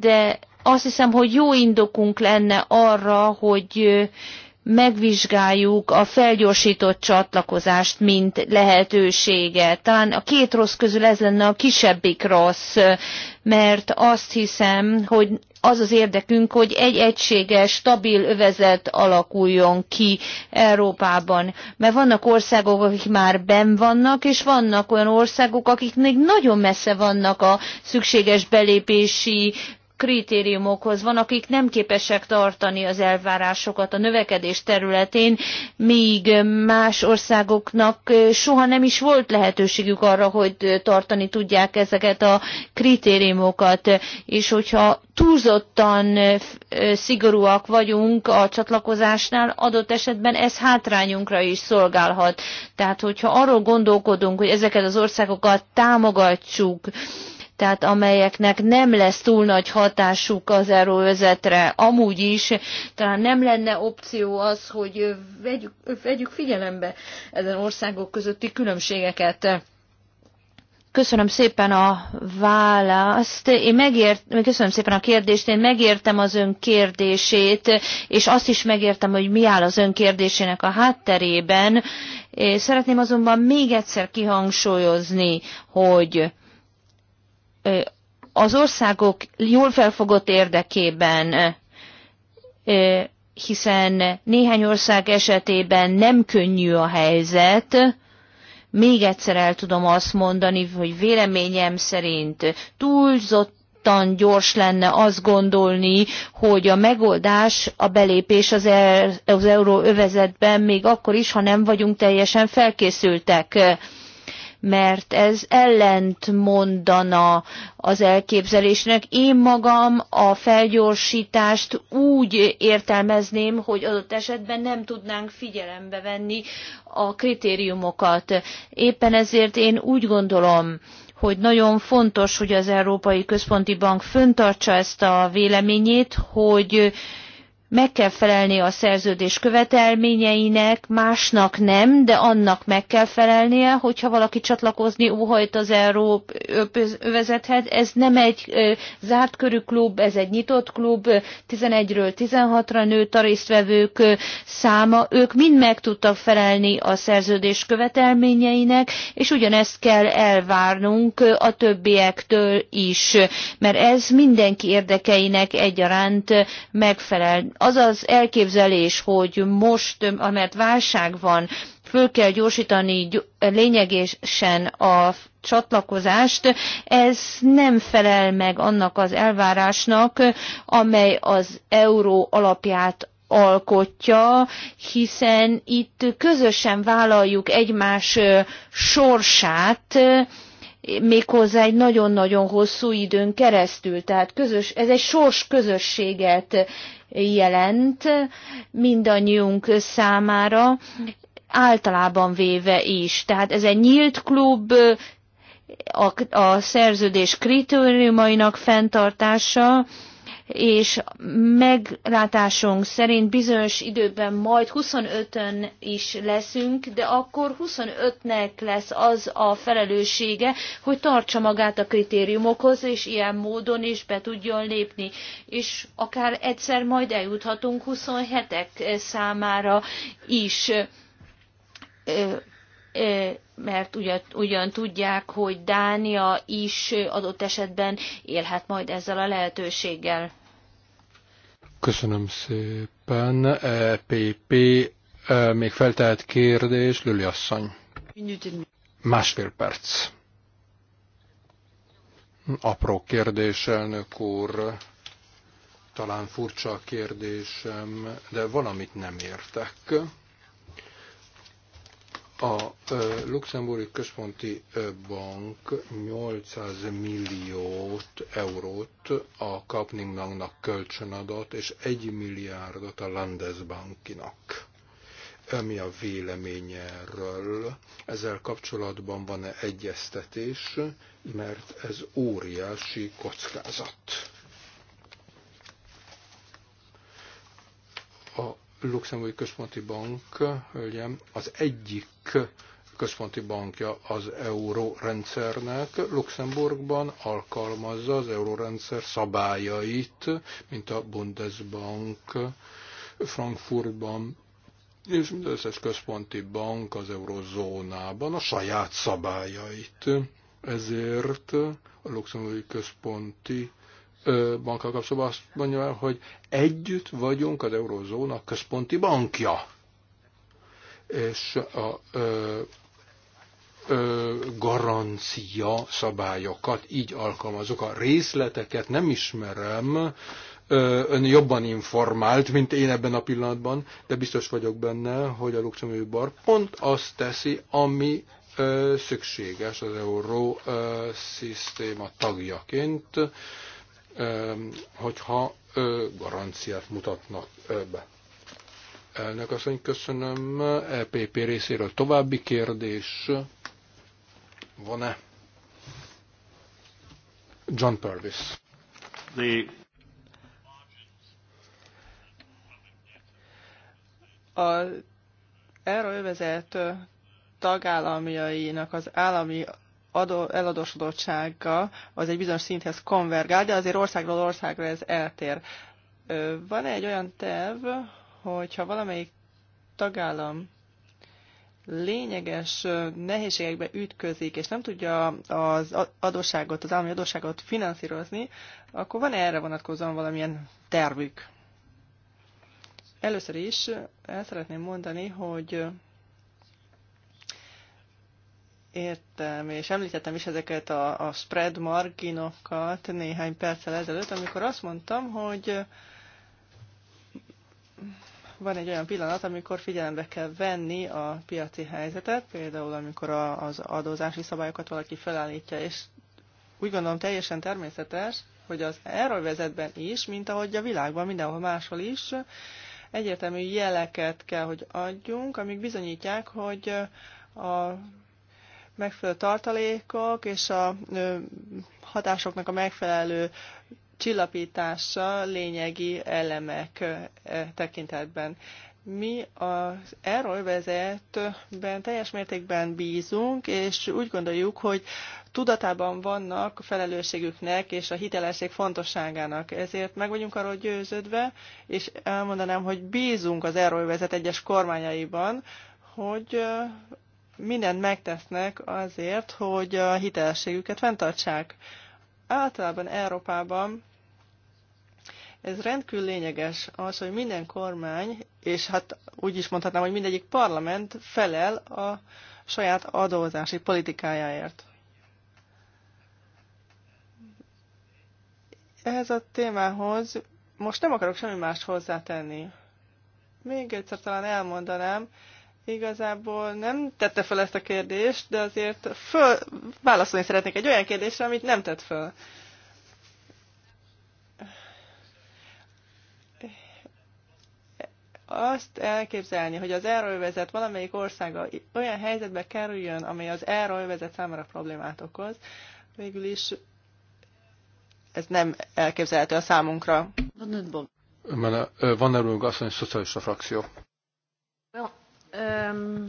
de azt hiszem, hogy jó indokunk lenne arra, hogy megvizsgáljuk a felgyorsított csatlakozást, mint lehetőséget. Talán a két rossz közül ez lenne a kisebbik rossz, mert azt hiszem, hogy az az érdekünk, hogy egy egységes, stabil övezet alakuljon ki Európában. Mert vannak országok, akik már ben vannak, és vannak olyan országok, akik még nagyon messze vannak a szükséges belépési kritériumokhoz van, akik nem képesek tartani az elvárásokat a növekedés területén, míg más országoknak soha nem is volt lehetőségük arra, hogy tartani tudják ezeket a kritériumokat, és hogyha túlzottan szigorúak vagyunk a csatlakozásnál, adott esetben ez hátrányunkra is szolgálhat. Tehát, hogyha arról gondolkodunk, hogy ezeket az országokat támogatjuk, tehát amelyeknek nem lesz túl nagy hatásuk az erőzetre Amúgy is talán nem lenne opció az, hogy vegyük, vegyük figyelembe ezen országok közötti különbségeket. Köszönöm szépen a választ. Én megért, köszönöm szépen a kérdést. Én megértem az ön kérdését, és azt is megértem, hogy mi áll az ön kérdésének a hátterében. Szeretném azonban még egyszer kihangsúlyozni, hogy az országok jól felfogott érdekében, hiszen néhány ország esetében nem könnyű a helyzet, még egyszer el tudom azt mondani, hogy véleményem szerint túlzott gyors lenne azt gondolni, hogy a megoldás, a belépés az, er, az euróövezetben még akkor is, ha nem vagyunk teljesen felkészültek mert ez ellent mondana az elképzelésnek. Én magam a felgyorsítást úgy értelmezném, hogy adott esetben nem tudnánk figyelembe venni a kritériumokat. Éppen ezért én úgy gondolom, hogy nagyon fontos, hogy az Európai Központi Bank föntartsa ezt a véleményét, hogy meg kell felelni a szerződés követelményeinek, másnak nem, de annak meg kell felelnie, hogyha valaki csatlakozni óhajt az Európövezethez. Ez nem egy ö, zárt körű klub, ez egy nyitott klub, 11-ről 16-ra nőtt a résztvevők ö, száma, ők mind meg tudtak felelni a szerződés követelményeinek, és ugyanezt kell elvárnunk a többiektől is, mert ez mindenki érdekeinek egyaránt megfelel az az elképzelés, hogy most, amert válság van, föl kell gyorsítani lényegesen a csatlakozást, ez nem felel meg annak az elvárásnak, amely az euró alapját alkotja, hiszen itt közösen vállaljuk egymás sorsát, méghozzá egy nagyon-nagyon hosszú időn keresztül. Tehát közös, ez egy sors közösséget jelent mindannyiunk számára, általában véve is. Tehát ez egy nyílt klub, a, a szerződés kritériumainak fenntartása, és meglátásunk szerint bizonyos időben majd 25-ön is leszünk, de akkor 25-nek lesz az a felelőssége, hogy tartsa magát a kritériumokhoz, és ilyen módon is be tudjon lépni. És akár egyszer majd eljuthatunk 27-ek számára is mert ugyan, ugyan tudják, hogy Dánia is adott esetben élhet majd ezzel a lehetőséggel. Köszönöm szépen. PP e e, még feltehet kérdés, Lüli asszony. Másfél perc. Apró kérdés, elnök úr. Talán furcsa a kérdésem, de valamit nem értek a e, Luxemburgi Központi e, Bank 800 milliót eurót a Kapningnak kölcsönadott, és 1 milliárdot a Landesbankinak. Mi a véleménye erről? Ezzel kapcsolatban van-e egyeztetés, mert ez óriási kockázat. Luxemburgi Központi Bank hölgyem, az egyik központi bankja az eurórendszernek. Luxemburgban alkalmazza az eurórendszer szabályait, mint a Bundesbank Frankfurtban, és mint az összes központi bank az eurozónában a saját szabályait. Ezért a luxemburgi központi bankkal kapcsolatban azt mondja el, hogy együtt vagyunk az eurozóna központi bankja. És a ö, ö, garancia szabályokat így alkalmazok. A részleteket nem ismerem, ö, ön jobban informált, mint én ebben a pillanatban, de biztos vagyok benne, hogy a luxemburgi bar pont azt teszi, ami ö, szükséges az euró ö, szisztéma tagjaként hogyha garanciát mutatnak be. Elnök asszony, köszönöm. EPP részéről további kérdés van-e? John Purvis. The... A erővezet tagállamjainak az állami adó, eladósodottsága az egy bizonyos szinthez konvergál, de azért országról országra ez eltér. Van -e egy olyan terv, hogyha valamelyik tagállam lényeges nehézségekbe ütközik, és nem tudja az adósságot, az állami adósságot finanszírozni, akkor van -e erre vonatkozóan valamilyen tervük? Először is el szeretném mondani, hogy értem, és említettem is ezeket a, a spread marginokat néhány perccel ezelőtt, amikor azt mondtam, hogy van egy olyan pillanat, amikor figyelembe kell venni a piaci helyzetet, például amikor a, az adózási szabályokat valaki felállítja, és úgy gondolom teljesen természetes, hogy az erővezetben is, mint ahogy a világban mindenhol máshol is, egyértelmű jeleket kell, hogy adjunk, amik bizonyítják, hogy a megfelelő tartalékok és a hatásoknak a megfelelő csillapítása lényegi elemek e tekintetben. Mi az vezetben teljes mértékben bízunk, és úgy gondoljuk, hogy tudatában vannak a felelősségüknek és a hitelesség fontosságának. Ezért meg vagyunk arról győződve, és elmondanám, hogy bízunk az vezet egyes kormányaiban, hogy mindent megtesznek azért, hogy a hitelességüket fenntartsák. Általában Európában ez rendkívül lényeges az, hogy minden kormány, és hát úgy is mondhatnám, hogy mindegyik parlament felel a saját adózási politikájáért. Ehhez a témához most nem akarok semmi mást hozzátenni. Még egyszer talán elmondanám, igazából nem tette fel ezt a kérdést, de azért föl, válaszolni szeretnék egy olyan kérdésre, amit nem tett föl. Azt elképzelni, hogy az elrövezet valamelyik országa olyan helyzetbe kerüljön, amely az elrövezet számára problémát okoz, végül is ez nem elképzelhető a számunkra. Van eh, erről, azt mondani, szocialista frakció. Well, Um,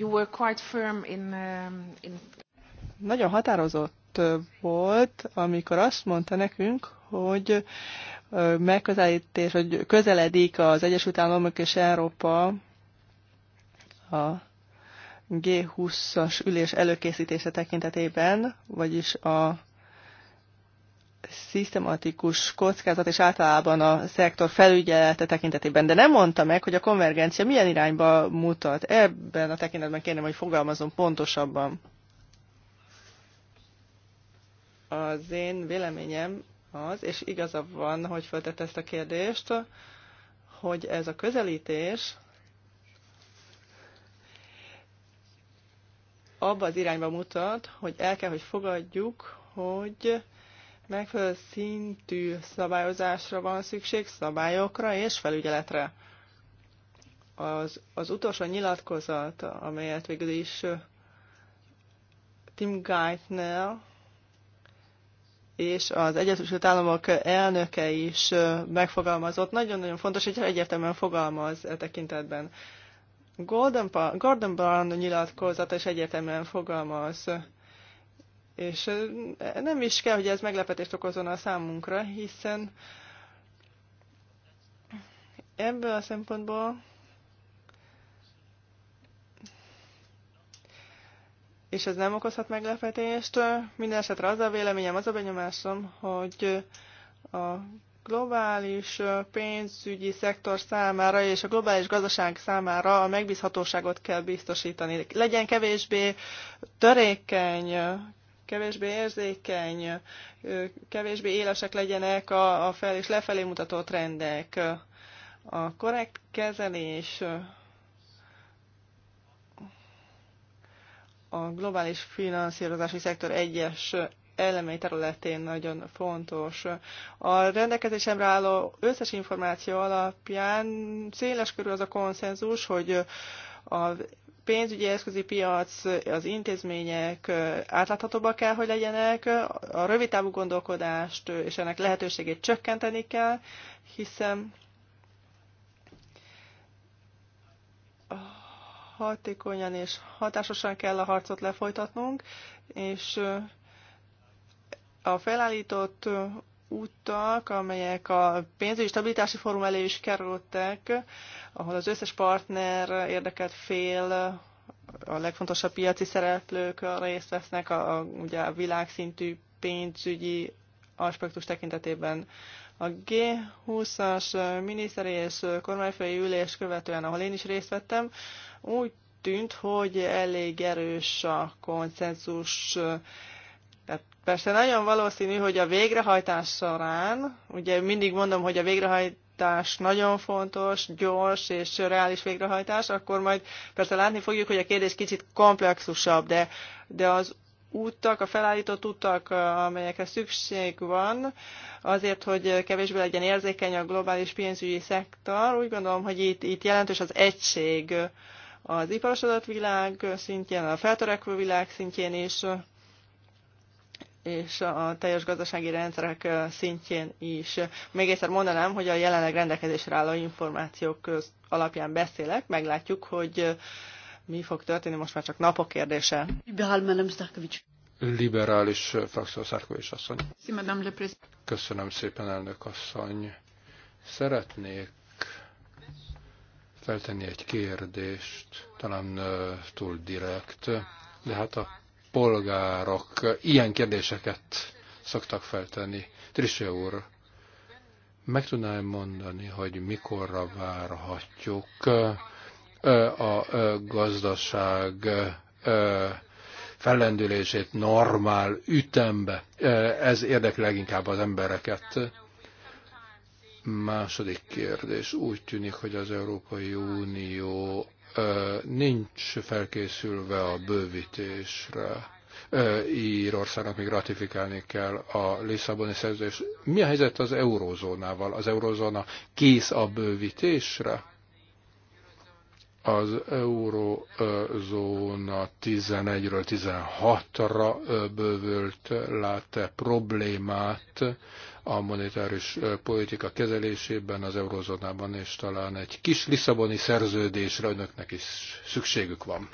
um, Nagyon határozott uh, volt, amikor azt mondta nekünk, hogy uh, megközelítés, hogy közeledik az Egyesült Államok és Európa a G20-as ülés előkészítése tekintetében, vagyis a szisztematikus kockázat, és általában a szektor felügyelete tekintetében, de nem mondta meg, hogy a konvergencia milyen irányba mutat. Ebben a tekintetben kérném, hogy fogalmazom pontosabban. Az én véleményem az, és igaza van, hogy föltette ezt a kérdést, hogy ez a közelítés abba az irányba mutat, hogy el kell, hogy fogadjuk, hogy megfelelő szintű szabályozásra van szükség, szabályokra és felügyeletre. Az, az utolsó nyilatkozat, amelyet végül is Tim Geithner és az Egyesült Államok elnöke is megfogalmazott. Nagyon-nagyon fontos, hogy egyértelműen fogalmaz e tekintetben. Gordon, Gordon Brown nyilatkozata is egyértelműen fogalmaz És nem is kell, hogy ez meglepetést okozon a számunkra, hiszen ebből a szempontból és ez nem okozhat meglepetést. Minden esetre az a véleményem, az a benyomásom, hogy a globális pénzügyi szektor számára és a globális gazdaság számára a megbízhatóságot kell biztosítani. Legyen kevésbé törékeny, kevésbé érzékeny, kevésbé élesek legyenek a, a fel és lefelé mutató trendek. A korrekt kezelés a globális finanszírozási szektor egyes elemei területén nagyon fontos. A rendelkezésemre álló összes információ alapján széles körül az a konszenzus, hogy az pénzügyi eszközi piac, az intézmények átláthatóbbak kell, hogy legyenek, a rövidtávú gondolkodást és ennek lehetőségét csökkenteni kell, hiszen hatékonyan és hatásosan kell a harcot lefolytatnunk, és a felállított utak, amelyek a pénzügyi stabilitási fórum elé is kerültek, ahol az összes partner érdekelt fél a legfontosabb piaci szereplők részt vesznek, a, a, ugye a világszintű pénzügyi aspektus tekintetében. A G20-as miniszteri és kormányfői ülés követően, ahol én is részt vettem, úgy tűnt, hogy elég erős a konszenzus Tehát persze nagyon valószínű, hogy a végrehajtás során, ugye mindig mondom, hogy a végrehajtás nagyon fontos, gyors és reális végrehajtás, akkor majd persze látni fogjuk, hogy a kérdés kicsit komplexusabb, de, de az úttak, a felállított utak, amelyekre szükség van, azért, hogy kevésbé legyen érzékeny a globális pénzügyi szektor. Úgy gondolom, hogy itt, itt jelentős az egység az iparosodott világ szintjén, a feltörekvő világ szintjén is, és a teljes gazdasági rendszerek szintjén is. Még egyszer mondanám, hogy a jelenleg rendelkezésre álló információk alapján beszélek, meglátjuk, hogy mi fog történni, most már csak napok kérdése. Liberális frakció Szárkovics asszony. Köszönöm szépen, elnök asszony. Szeretnék feltenni egy kérdést, talán túl direkt, de hát a polgárok ilyen kérdéseket szoktak feltenni. Trisse úr, meg tudnám mondani, hogy mikorra várhatjuk a gazdaság fellendülését normál ütembe. Ez érdekli leginkább az embereket. Második kérdés. Úgy tűnik, hogy az Európai Unió nincs felkészülve a bővítésre. Írországnak még ratifikálni kell a Lisszaboni szerződés. Mi a helyzet az eurózónával, Az eurózóna kész a bővítésre? Az eurózóna 11-ről 16-ra bővült, lát -e problémát a monetáris politika kezelésében az eurozónában, és talán egy kis Lisszaboni szerződésre önöknek is szükségük van.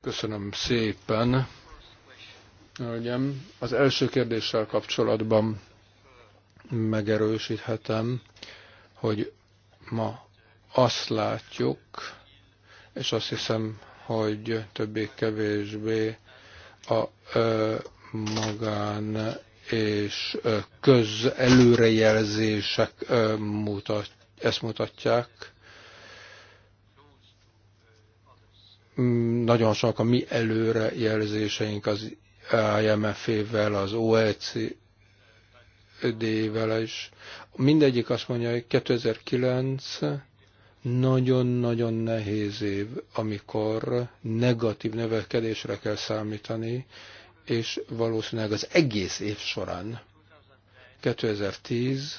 Köszönöm szépen. Hölgyem, az első kérdéssel kapcsolatban megerősíthetem, hogy ma azt látjuk, és azt hiszem, hogy többé-kevésbé a ö, magán és közelőrejelzések mutat, ezt mutatják. Mm, nagyon sok a mi előrejelzéseink az IMF-ével, az OECD-vel is. Mindegyik azt mondja, hogy 2009 nagyon-nagyon nehéz év, amikor negatív növekedésre kell számítani, és valószínűleg az egész év során 2010,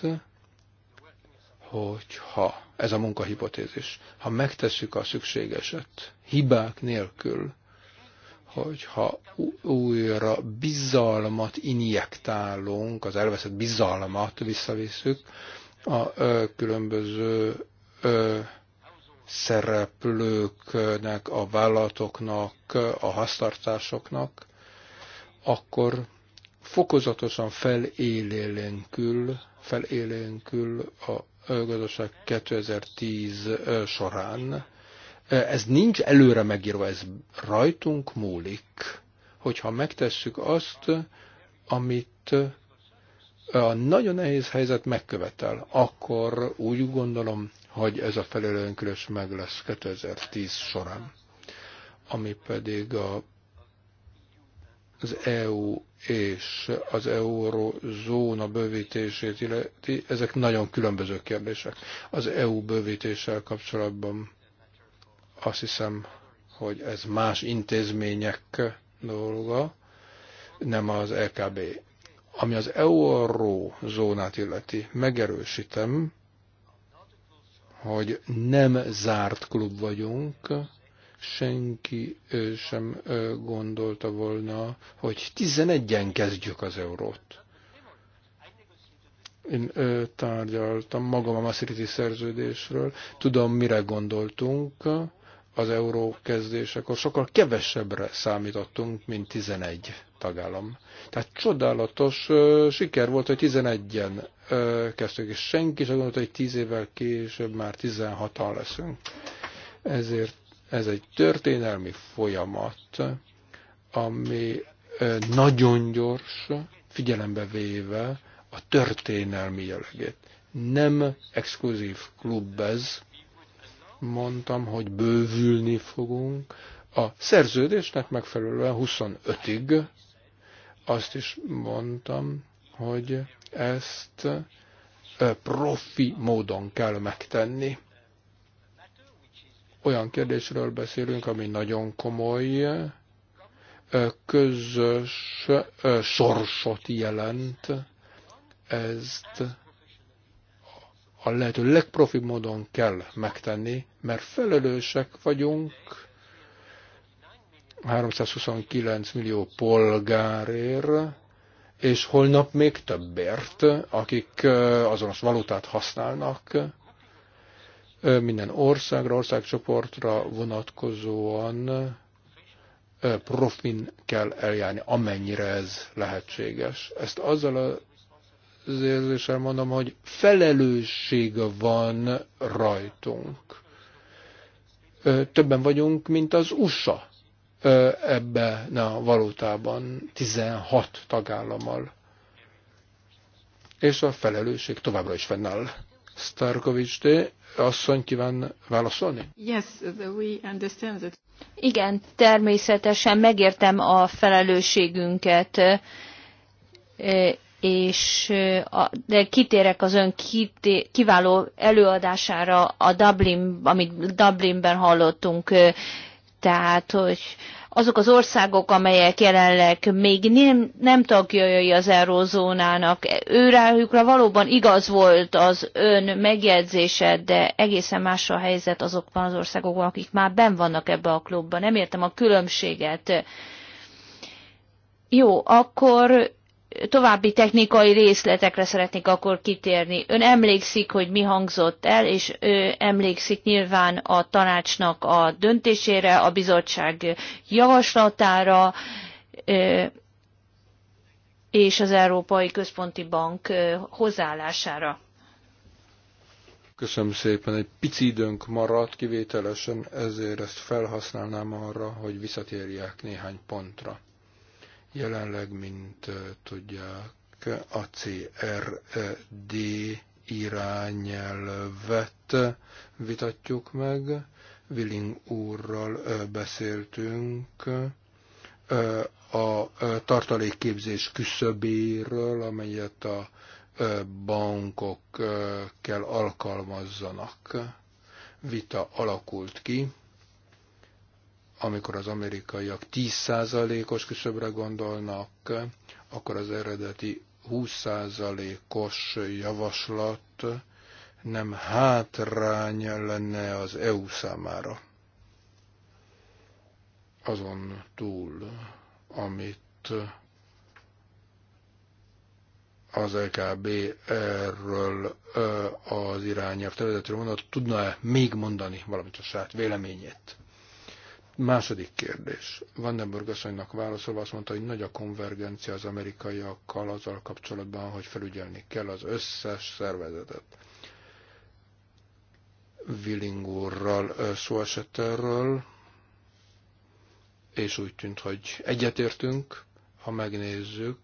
hogyha ez a munkahipotézis, ha megtesszük a szükségeset hibák nélkül, hogyha újra bizalmat injektálunk, az elveszett bizalmat visszavisszük a ö, különböző ö, szereplőknek, a vállalatoknak, a hasztartásoknak akkor fokozatosan felélénkül, felélénkül a gazdaság 2010 során. Ez nincs előre megírva, ez rajtunk múlik, hogyha megtesszük azt, amit a nagyon nehéz helyzet megkövetel, akkor úgy gondolom, hogy ez a felelőnkülös meg lesz 2010 során. Ami pedig a az EU és az eurozóna bővítését illeti, ezek nagyon különböző kérdések. Az EU bővítéssel kapcsolatban azt hiszem, hogy ez más intézmények dolga, nem az LKB. E Ami az eurozónát illeti, megerősítem, hogy nem zárt klub vagyunk, senki sem gondolta volna, hogy 11-en kezdjük az eurót. Én tárgyaltam magam a Maastrichti szerződésről, tudom, mire gondoltunk az euró kezdésekor, sokkal kevesebbre számítottunk, mint 11 tagállam. Tehát csodálatos siker volt, hogy 11-en kezdtük, és senki sem gondolta, hogy 10 évvel később már 16-an leszünk. Ezért Ez egy történelmi folyamat, ami nagyon gyors, figyelembe véve a történelmi jellegét. Nem exkluzív klub ez, mondtam, hogy bővülni fogunk. A szerződésnek megfelelően 25-ig azt is mondtam, hogy ezt profi módon kell megtenni olyan kérdésről beszélünk, ami nagyon komoly, közös sorsot jelent. Ezt a lehető legprofibb módon kell megtenni, mert felelősek vagyunk 329 millió polgárért, és holnap még többért, akik azonos valutát használnak, minden országra, országcsoportra vonatkozóan profin kell eljárni, amennyire ez lehetséges. Ezt azzal az érzéssel mondom, hogy felelősség van rajtunk. Többen vagyunk, mint az USA ebben a valótában 16 tagállammal. És a felelősség továbbra is fennáll. Starkovics de asszony kíván válaszolni? Yes, we understand that. Igen, természetesen megértem a felelősségünket, és a, de kitérek az ön kité, kiváló előadására a Dublin, amit Dublinben hallottunk, tehát, hogy azok az országok, amelyek jelenleg még nem, nem tagjai az eurózónának, őrájukra valóban igaz volt az ön megjegyzése, de egészen más a helyzet azokban az országokban, akik már ben vannak ebbe a klubban. Nem értem a különbséget. Jó, akkor további technikai részletekre szeretnék akkor kitérni. Ön emlékszik, hogy mi hangzott el, és ő emlékszik nyilván a tanácsnak a döntésére, a bizottság javaslatára, és az Európai Központi Bank hozzáállására. Köszönöm szépen, egy pici időnk maradt kivételesen, ezért ezt felhasználnám arra, hogy visszatérjek néhány pontra Jelenleg, mint eh, tudják, a CRD e irányelvet vitatjuk meg. Willing úrral eh, beszéltünk eh, a tartalékképzés küszöbéről, amelyet a bankok kell alkalmazzanak. Vita alakult ki amikor az amerikaiak 10%-os küszöbre gondolnak, akkor az eredeti 20%-os javaslat nem hátrány lenne az EU számára. Azon túl, amit az LKB e erről az irányelv területről mondott, tudna-e még mondani valamit a saját véleményét? Második kérdés. Vandenberg asszonynak válaszolva azt mondta, hogy nagy a konvergencia az amerikaiakkal azzal kapcsolatban, hogy felügyelni kell az összes szervezetet. Willing úrral szó esett erről, és úgy tűnt, hogy egyetértünk, ha megnézzük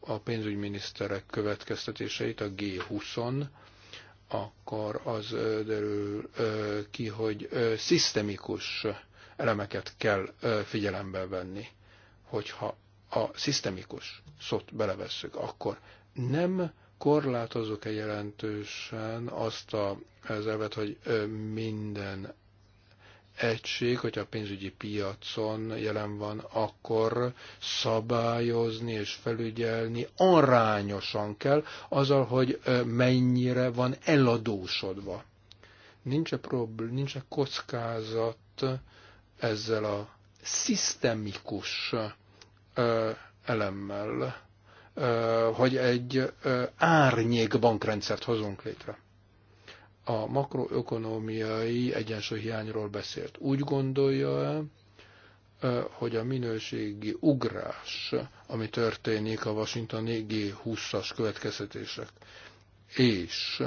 a pénzügyminiszterek következtetéseit a G20-on, akkor az derül ki, hogy szisztemikus elemeket kell figyelembe venni, hogyha a szisztemikus szót belevesszük, akkor nem korlátozok-e jelentősen azt a, az elvet, hogy minden egység, hogyha a pénzügyi piacon jelen van, akkor szabályozni és felügyelni arányosan kell azzal, hogy mennyire van eladósodva. Nincs-e, prób- nincs-e kockázat ezzel a szisztemikus elemmel, hogy egy árnyék bankrendszert hozunk létre. A makroökonomiai egyensúlyhiányról beszélt. Úgy gondolja -e, hogy a minőségi ugrás, ami történik a washingtoni G20-as következtetések, és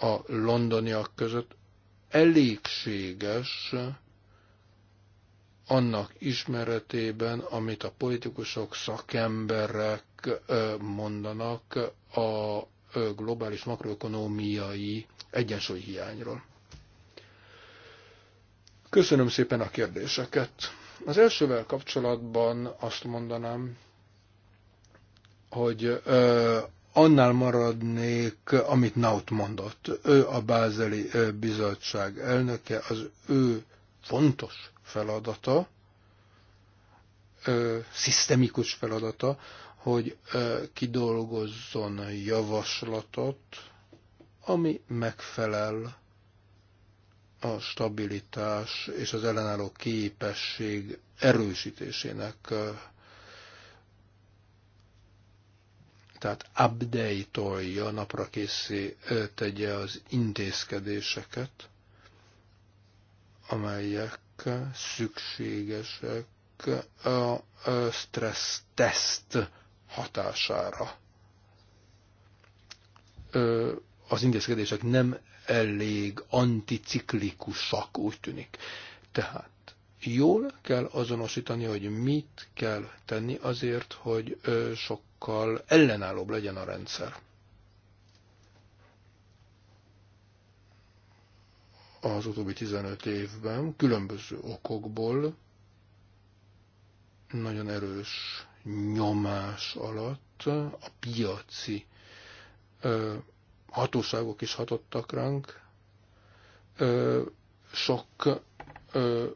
a londoniak között elégséges annak ismeretében, amit a politikusok, szakemberek mondanak a globális makroökonómiai hiányról. Köszönöm szépen a kérdéseket. Az elsővel kapcsolatban azt mondanám, hogy annál maradnék, amit Naut mondott. Ő a Bázeli Bizottság elnöke, az ő fontos feladata, szisztemikus feladata, hogy kidolgozzon javaslatot, ami megfelel a stabilitás és az ellenálló képesség erősítésének. Tehát update-olja, napra készé tegye az intézkedéseket, amelyek szükségesek a stressz teszt hatására. Az intézkedések nem elég anticiklikusak, úgy tűnik. Tehát jól kell azonosítani, hogy mit kell tenni azért, hogy sokkal ellenállóbb legyen a rendszer. az utóbbi 15 évben különböző okokból nagyon erős nyomás alatt a piaci ö, hatóságok is hatottak ránk. Ö, sok ö,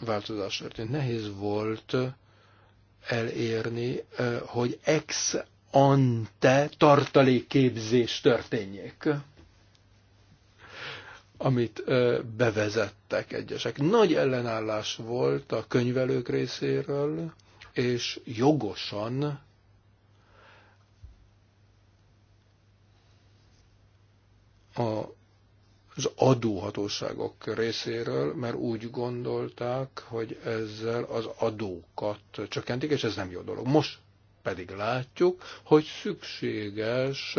változás történt. Nehéz volt elérni, ö, hogy ex ante tartalékképzés történjék amit bevezettek egyesek. Nagy ellenállás volt a könyvelők részéről, és jogosan a az adóhatóságok részéről, mert úgy gondolták, hogy ezzel az adókat csökkentik, és ez nem jó dolog. Most pedig látjuk, hogy szükséges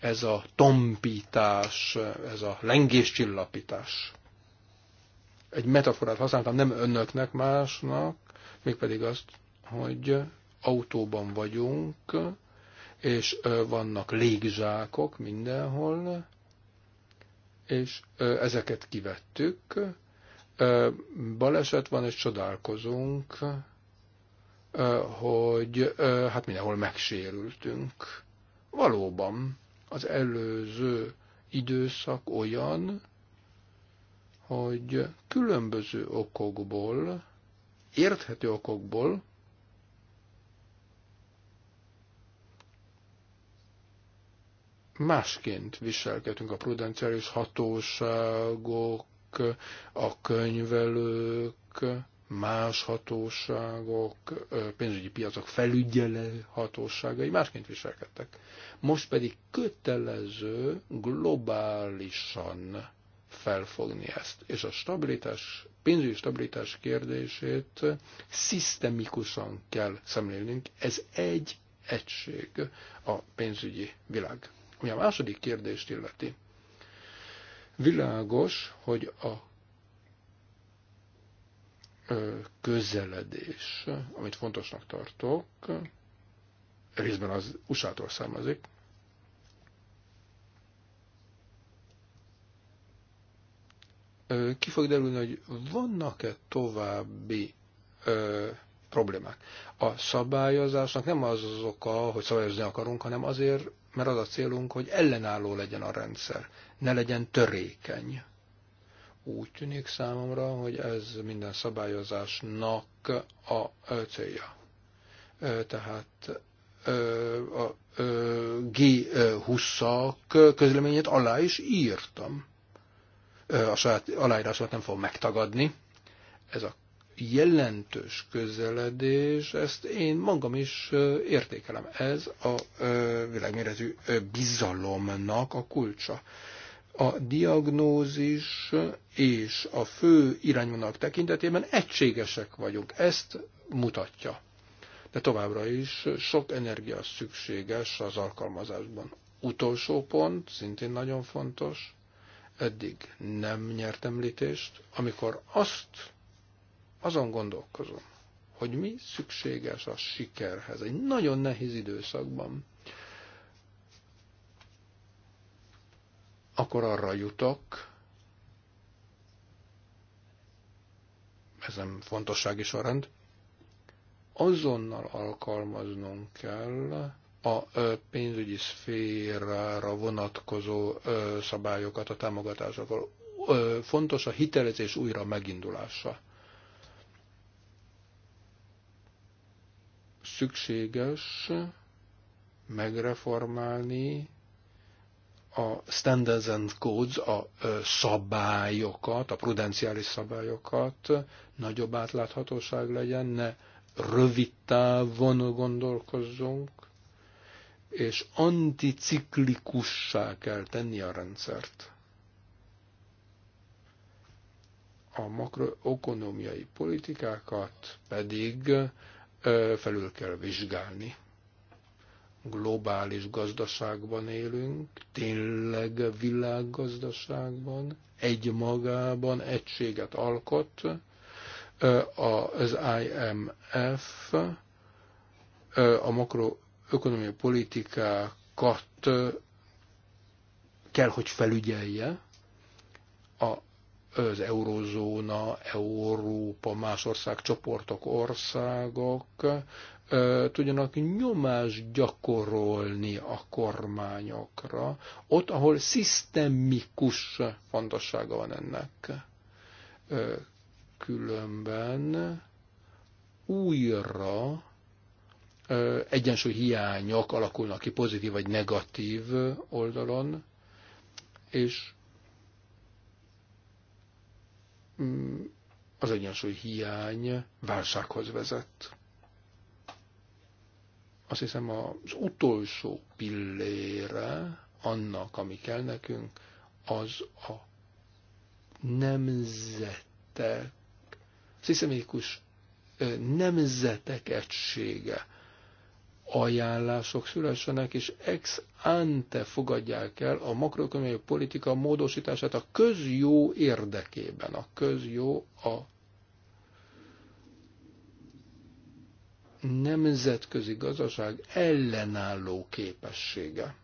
ez a tompítás, ez a lengéscsillapítás. Egy metaforát használtam nem önöknek, másnak, mégpedig azt, hogy autóban vagyunk, és vannak légzsákok mindenhol, és ezeket kivettük, baleset van, és csodálkozunk, hogy hát mindenhol megsérültünk. Valóban az előző időszak olyan, hogy különböző okokból, érthető okokból másként viselkedünk a prudenciális hatóságok, a könyvelők, más hatóságok, pénzügyi piacok felügyelő hatóságai másként viselkedtek. Most pedig kötelező globálisan felfogni ezt, és a stabilitás, pénzügyi stabilitás kérdését szisztemikusan kell szemlélnünk. Ez egy egység a pénzügyi világ. Ugye a második kérdést illeti, világos, hogy a közeledés, amit fontosnak tartok, részben az USA-tól származik, ki fog derülni, hogy vannak-e további ö, problémák. A szabályozásnak nem az az oka, hogy szabályozni akarunk, hanem azért, mert az a célunk, hogy ellenálló legyen a rendszer, ne legyen törékeny. Úgy tűnik számomra, hogy ez minden szabályozásnak a célja. Tehát a G20-ak közleményét alá is írtam. A saját aláírásomat nem fogom megtagadni. Ez a jelentős közeledés, ezt én magam is értékelem. Ez a világméretű bizalomnak a kulcsa a diagnózis és a fő irányvonalak tekintetében egységesek vagyunk. Ezt mutatja. De továbbra is sok energia szükséges az alkalmazásban. Utolsó pont, szintén nagyon fontos, eddig nem nyert említést, amikor azt azon gondolkozom, hogy mi szükséges a sikerhez egy nagyon nehéz időszakban, akkor arra jutok, ezen fontossági sorrend, azonnal alkalmaznunk kell a pénzügyi szférára vonatkozó szabályokat a támogatásokkal. Fontos a hitelezés újra megindulása. Szükséges megreformálni a standards and codes, a szabályokat, a prudenciális szabályokat nagyobb átláthatóság legyen, ne rövid távon gondolkozzunk, és anticiklikussá kell tenni a rendszert. A makroekonomiai politikákat pedig felül kell vizsgálni globális gazdaságban élünk, tényleg világgazdaságban, egymagában egységet alkot az IMF, a makroökonomiai politikákat kell, hogy felügyelje a az eurozóna, Európa, más csoportok, országok tudjanak nyomást gyakorolni a kormányokra, ott, ahol szisztemikus fontossága van ennek. Különben újra egyensúly hiányok alakulnak ki pozitív vagy negatív oldalon, és mm, az egyensúly hiány válsághoz vezet. Azt hiszem az utolsó pillére annak, ami kell nekünk, az a nemzetek, szisztemikus nemzetek egysége ajánlások szülessenek, és ex ante fogadják el a makroekonomiai politika módosítását a közjó érdekében, a közjó a nemzetközi gazdaság ellenálló képessége,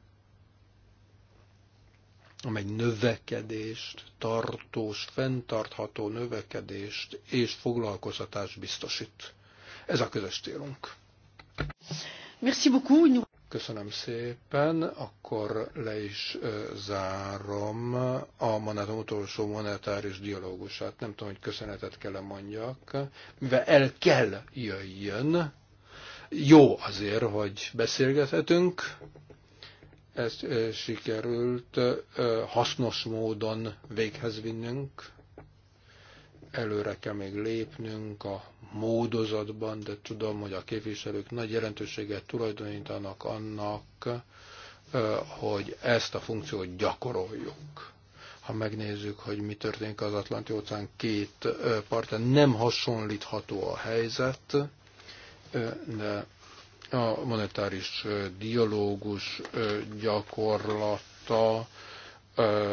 amely növekedést, tartós, fenntartható növekedést és foglalkoztatást biztosít. Ez a közös célunk. Merci beaucoup. Köszönöm szépen, akkor le is zárom a manátom utolsó monetáris dialógusát. Nem tudom, hogy köszönetet kell -e mondjak, mivel el kell jöjjön, jó azért, hogy beszélgethetünk. Ezt sikerült hasznos módon véghez vinnünk. Előre kell még lépnünk a módozatban, de tudom, hogy a képviselők nagy jelentőséget tulajdonítanak annak, hogy ezt a funkciót gyakoroljuk ha megnézzük, hogy mi történik az Atlanti óceán két partján, nem hasonlítható a helyzet, a monetáris dialógus gyakorlata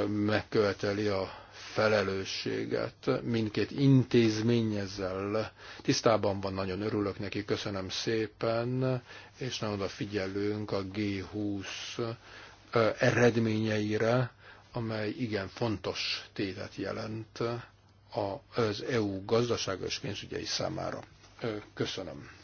megköveteli a felelősséget. Mindkét intézmény ezzel tisztában van, nagyon örülök neki, köszönöm szépen, és nagyon odafigyelünk a G20 eredményeire, amely igen fontos tétet jelent az EU gazdaságos pénzügyei számára. Köszönöm.